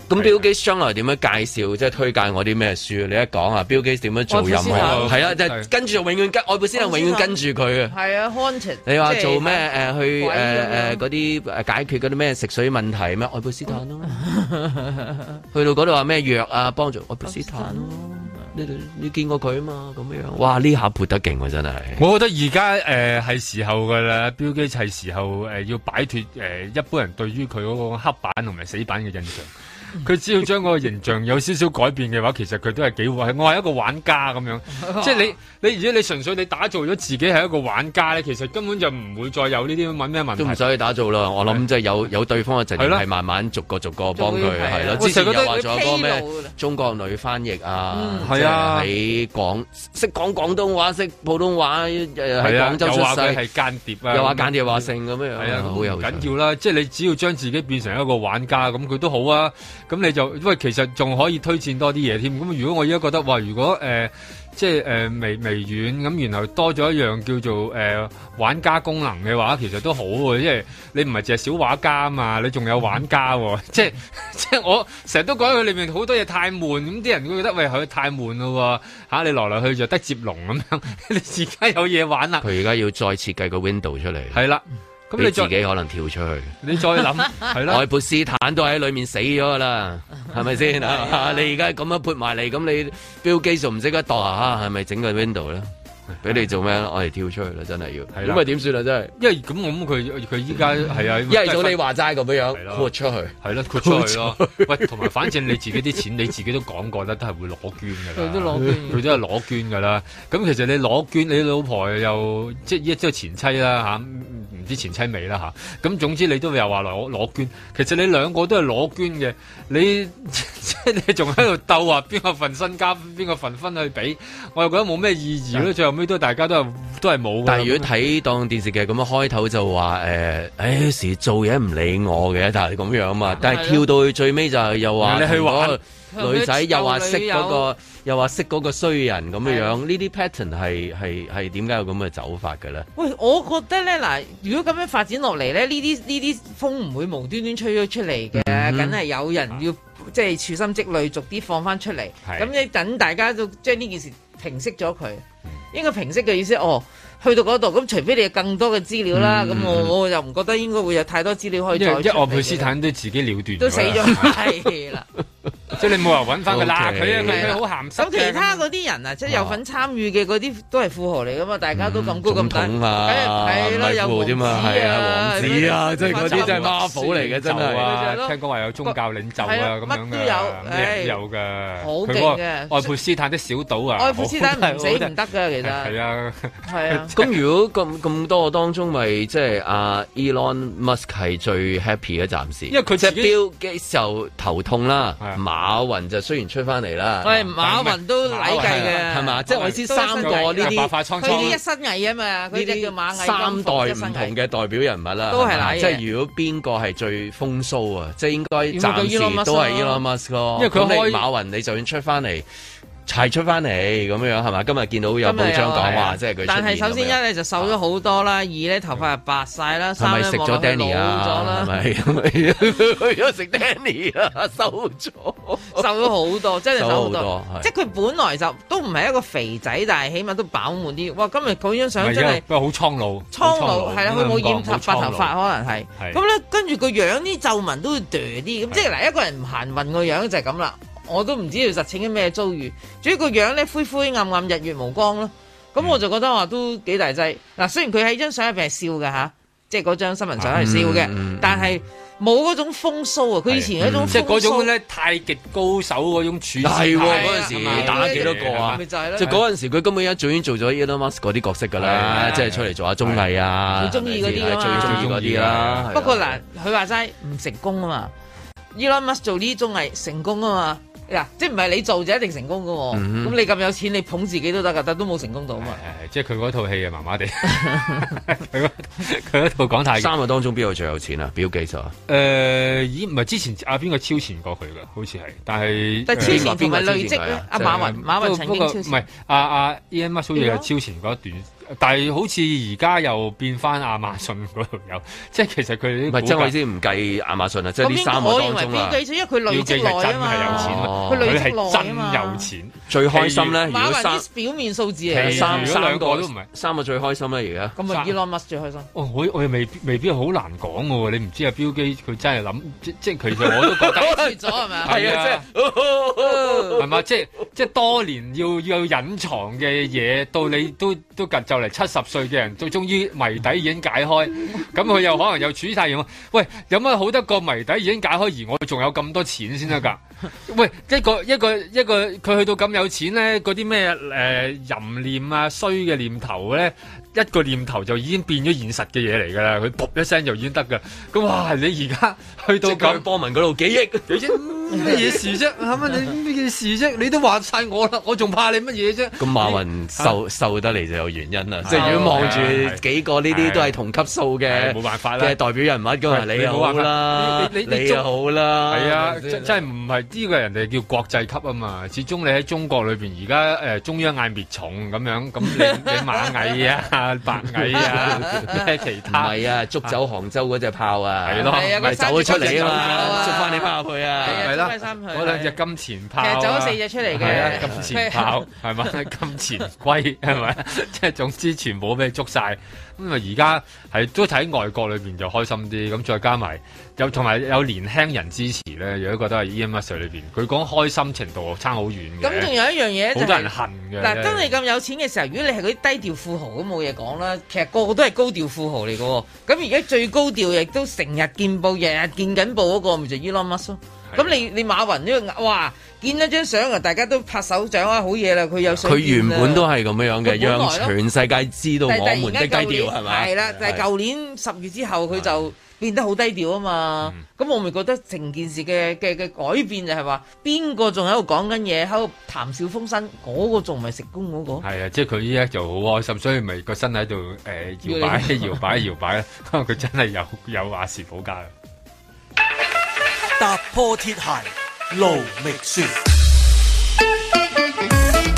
咁標基將來點樣介紹？即係推介我啲咩書？你一講啊，標基點樣做任何？係啊，就、啊啊、跟住永遠跟愛普斯坦永遠跟住佢嘅。係啊，Haunted。你話做咩、啊？去誒誒嗰啲解決嗰啲咩食水問題咩？愛普斯坦囉、啊？ 去到嗰度話咩藥啊？幫助愛普斯坦囉、啊啊。你見過佢啊嘛？咁樣。哇！呢下撥得勁喎、啊，真係。我覺得而家誒係時候㗎啦，標基係時候誒、呃、要擺脱、呃、一般人對於佢嗰個黑板同埋死板嘅印象。 佢只要將嗰個形象有少少改變嘅話，其實佢都係幾玩。我係一個玩家咁樣，即係你你而且你純粹你打造咗自己係一個玩家咧，其實根本就唔會再有呢啲咁咩問題。都唔使去打造啦，我諗即係有有對方嘅陣營係慢慢逐個逐個幫佢，係咯。之前都話咗個咩？中國女翻譯啊，係啊，喺廣識講廣東話、識普通話，喺廣州出世係間諜啊，有話間諜話性咁樣，係啊，好有緊要啦。即係你只要將自己變成一個玩家咁，佢都好啊。咁你就，喂，其實仲可以推薦多啲嘢添。咁如果我而家覺得，哇，如果誒、呃，即係誒、呃、微微軟咁，然後多咗一樣叫做誒、呃、玩家功能嘅話，其實都好喎。因為你唔係淨係小畫家啊嘛，你仲有玩家 即，即係即係我成日都講佢裏面好多嘢太悶，咁啲人會覺得喂，佢太悶咯吓、啊，你來來去去就得接龍咁樣，你而家有嘢玩啦。佢而家要再設計個 Window 出嚟。係啦。咁你自己可能跳出去，你再諗，係啦，愛潑斯坦都喺裏面死咗噶啦，係咪先？你而家咁樣潑埋嚟，咁你 Bill Gates 唔識得度下，係咪整個 window 咧？俾你做咩？我哋跳出去啦，真係要，咁咪點算啦？真係，因為咁咁，佢佢依家係啊，一係就你話齋咁樣樣豁出去，係啦豁出去咯。喂，同埋反正你自己啲錢，你自己都講過啦，都係會攞捐噶啦，佢都攞佢都係攞捐噶啦。咁其實你攞捐，你老婆又即係即係前妻啦吓。唔知前妻未啦吓，咁總之你都又話攞攞捐，其實你兩個都係攞捐嘅，你即係 你仲喺度鬥話邊個份身家，邊個份分，分去畀，我又覺得冇咩意義咯。有最後尾都大家都係都係冇。但係如果睇當電視劇咁樣開頭就話誒，誒、欸、有時做嘢唔理我嘅，但係咁樣啊嘛，但係跳到去最尾就係又話、嗯、你去玩。女仔又話識嗰個，又話識嗰個衰人咁嘅樣，呢啲 pattern 係係係點解有咁嘅走法嘅咧？喂，我覺得咧嗱，如果咁樣發展落嚟咧，呢啲呢啲風唔會無端端吹咗出嚟嘅，梗係有人要即係處心積慮，逐啲放翻出嚟。咁你等大家都將呢件事平息咗佢，應該平息嘅意思，哦，去到嗰度，咁除非你有更多嘅資料啦，咁我我又唔覺得應該會有太多資料可以即係愛佩斯坦都自己了斷，都死咗係啦。即係你冇話搵翻佢拉佢啊！佢好鹹。咁其他嗰啲人啊，即係有份參與嘅嗰啲都係富豪嚟噶嘛？大家都咁高咁大，梗係係啦，又王子啊，王子啊，即係嗰啲真係孖寶嚟嘅，真係啊！聽講話有宗教領袖啊，咁，乜都有，乜都有嘅，好勁嘅。愛普斯坦啲小島啊，愛普斯坦唔死唔得噶，其實係啊，係啊。咁如果咁咁多個當中，咪即係阿 Elon Musk 係最 happy 嘅暫時，因為佢只標嘅時候頭痛啦。馬雲就雖然出翻嚟啦，喂、嗯，但馬雲都禮計嘅，係嘛、啊？啊、okay，即係我意思三個呢啲，佢啲一身蟻啊嘛，呢啲叫螞蟻。三代唔同嘅代表人物啦，即係如果邊個係最風騷啊？即係應該暫時都係 Elon Musk 咯。因為佢係馬雲，你就算出翻嚟。提出翻嚟咁樣，係嘛？今日見到有報章講話，即係佢。但係首先一咧就瘦咗好多啦，二咧頭髮又白晒啦，三咧望落老咗啦，係咪去咗食 Danny 啊？瘦咗，瘦咗好多，真係瘦好多。即係佢本來就都唔係一個肥仔，但係起碼都飽滿啲。哇！今日張相真係，不過好蒼老，蒼老係啦，佢冇染髮，髮頭髮可能係。咁咧，跟住個樣啲皺紋都嗲啲咁，即係嗱，一個人唔行運個樣就係咁啦。我都唔知佢實情啲咩遭遇，主要個樣咧灰灰暗暗，日月無光咯。咁我就覺得話都幾大劑。嗱，雖然佢喺張相入邊係笑嘅吓，即係嗰張新聞上係笑嘅，但係冇嗰種風騷啊。佢以前嗰種風騷，即係嗰種咧，太極高手嗰種處事。係喎，嗰時打幾多個啊？咪就係即係嗰陣時，佢根本一早已經做咗 Elon Musk 嗰啲角色噶啦，即係出嚟做下綜藝啊。中意嗰啲啊，最中意嗰啲啦。不過嗱，佢話齋唔成功啊嘛，Elon Musk 做呢綜藝成功啊嘛。即係唔係你做就一定成功嘅喎？咁你咁有錢，你捧自己都得㗎，但都冇成功到啊嘛。即係佢嗰套戲係麻麻地，佢一套講太。三個當中邊個最有錢啊？表記咗。誒，咦？唔係之前阿邊個超前過佢㗎？好似係，但係。但係超前邊位靚仔啊？阿馬雲，馬雲曾經超前。唔係，阿阿 EMI 蘇月超前過一段。但係好似而家又變翻亞馬遜嗰度有，即係其實佢哋啲唔係張先唔計亞馬遜啊，即係呢三個當中啦。邊幾因為佢累積來啊佢累積來啊有錢，佢係真有錢。最開心咧，如果表面數字嚟，三三個都唔係，三個最開心啦而家咁咪 Elon Musk 最開心。我我未未必好難講喎，你唔知阿 e 基佢真係諗，即係其實我都覺得跌咗係咪係啊，即係係嘛？即係即多年要要有隱藏嘅嘢，到你都。都及就嚟七十歲嘅人都終於謎底已經解開，咁佢又可能又儲晒嘢。喂，有乜好得個謎底已經解開，而我仲有咁多錢先得噶？喂，一個一個一個，佢去到咁有錢咧，嗰啲咩誒淫念啊衰嘅念頭咧，一個念頭就已經變咗現實嘅嘢嚟噶啦，佢噗一聲就已經得噶。咁哇，你而家～去到咁，波民嗰度幾億，幾億乜嘢事啫？嚇乜你乜嘢事啫？你都話晒我啦，我仲怕你乜嘢啫？咁馬雲受受得嚟就有原因啦。即係如果望住幾個呢啲都係同級數嘅，冇辦法啦，係代表人物咁啊，你好啦，你你好啦，係啊，真係唔係呢個人哋叫國際級啊嘛？始終你喺中國裏面，而家中央嗌滅蟲咁樣，咁你你螞蟻啊，白蟻啊，其他唔係啊，捉走杭州嗰隻炮啊，係咯，咪走出嚟啦！捉翻你翻入去啊，係咯，嗰兩隻金錢豹，其實走咗四隻出嚟嘅，金錢豹，係嘛？金錢龜係咪？即係總之，全部俾捉晒。因為，而家係都睇外國裏邊就開心啲，咁再加埋有同埋有年輕人支持咧，有一覺都係 Elon Musk 裏邊，佢講開心程度差好遠嘅。咁仲有一樣嘢，就是，好多人恨嘅。但係當你咁有錢嘅時候，如果你係嗰啲低調富豪，都冇嘢講啦。其實個個都係高調富豪嚟嘅喎。咁而家最高調，亦都成日見報，日日見緊報嗰、那個，咪就係、是、Elon Musk。咁你你馬雲呢、這個哇見咗張相啊，大家都拍手掌啊，好嘢啦！佢有佢原本都係咁樣樣嘅，讓全世界知道我們的低調係咪係啦，但係舊年十月之後，佢的就變得好低調啊嘛。咁的我咪覺得成件事嘅嘅嘅改變就係話，邊、那個仲喺度講緊嘢，喺度談笑風生，嗰個仲唔係成功嗰個？係啊，即係佢依家就好開心，所以咪個身喺度誒搖擺搖擺搖擺啦。佢、呃、真係有有阿時保價。踏破鐵鞋路未絕，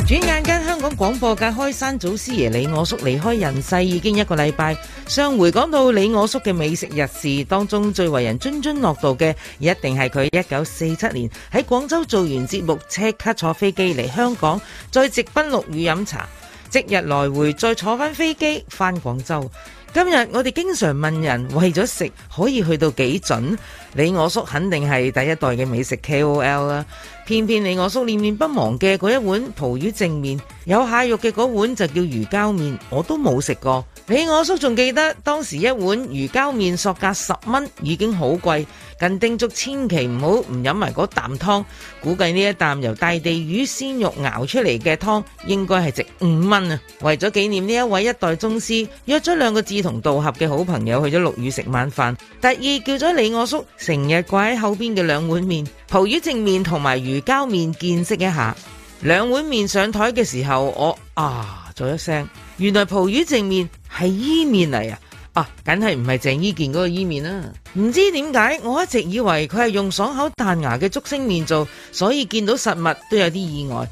轉眼間香港廣播界開山祖師爺李我叔離開人世已經一個禮拜。上回講到李我叔嘅美食日事當中，最為人津津樂道嘅，一定係佢一九四七年喺廣州做完節目，即刻坐飛機嚟香港，再直奔陸羽飲茶，即日來回，再坐翻飛機返廣州。今日我哋經常問人，為咗食可以去到幾準？你我叔肯定係第一代嘅美食 KOL 啦。偏偏李我叔念念不忘嘅嗰一碗蒲魚正麵，有蟹肉嘅嗰碗就叫魚膠麵，我都冇食過。李我叔仲記得當時一碗魚膠麵索價十蚊，已經好貴。更叮囑千祈唔好唔飲埋嗰啖湯，估計呢一啖由大地魚鮮肉熬出嚟嘅湯，應該係值五蚊啊。為咗紀念呢一位一代宗師，約咗兩個志同道合嘅好朋友去咗陸羽食晚飯，特意叫咗李我叔成日掛喺後邊嘅兩碗麵。蒲魚正面同埋魚膠麵見識一下，兩碗麵上台嘅時候，我啊咗一聲，原來蒲魚正面係伊麵嚟啊！啊，梗係唔係鄭伊健嗰個伊麵啦，啊，唔知點解，我一直以為佢係用爽口彈牙嘅竹升麵做，所以見到實物都有啲意外。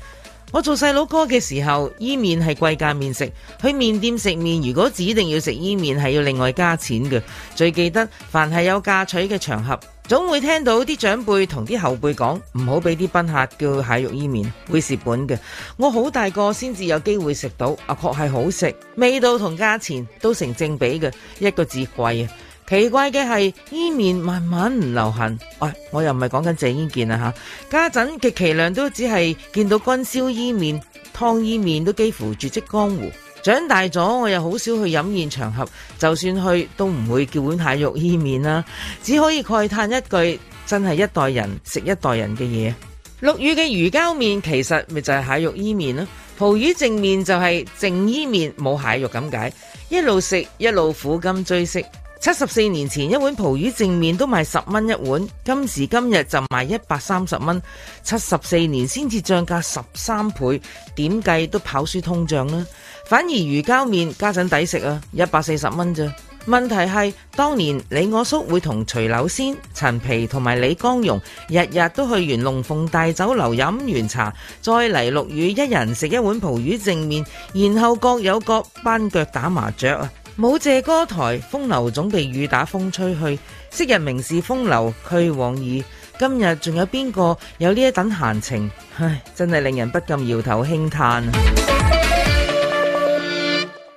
我做細佬哥嘅時候，伊麵係貴價麵食，去麵店食麵，如果指定要食伊麵，係要另外加錢嘅。最記得，凡係有嫁娶嘅場合，總會聽到啲長輩同啲後輩講，唔好俾啲賓客叫蟹肉伊麵，會蝕本嘅。我好大個先至有機會食到，啊，確係好食，味道同價錢都成正比嘅，一個字貴啊！奇怪嘅係，伊麵慢慢唔流行。喂、哎，我又唔係講緊鄭伊健啦吓，家陣極其量都只係見到乾燒伊麵、湯伊麵，都幾乎絕跡江湖。長大咗，我又好少去飲宴場合，就算去都唔會叫碗蟹肉伊麵啦，只可以慨嘆一句：真係一代人食一代人嘅嘢。陸羽嘅魚膠麵其實咪就係蟹肉伊麵咯，蒲魚淨麵就係淨伊麵，冇蟹肉咁解。一路食一路苦甘追食。七十四年前一碗蒲魚正面都賣十蚊一碗，今時今日就賣一百三十蚊。七十四年先至漲價十三倍，點計都跑輸通脹呢？反而魚膠麵加陣抵食啊，一百四十蚊啫。問題係當年李我叔會同徐柳仙、陳皮同埋李江榮，日日都去完龍鳳大酒樓飲完茶，再嚟陸羽一人食一碗蒲魚正面，然後各有各班腳打麻雀啊。舞榭歌台，風流總被雨打風吹去。昔日名士風流俱往矣，今日仲有邊個有呢一等閒情？唉，真係令人不禁搖頭輕嘆。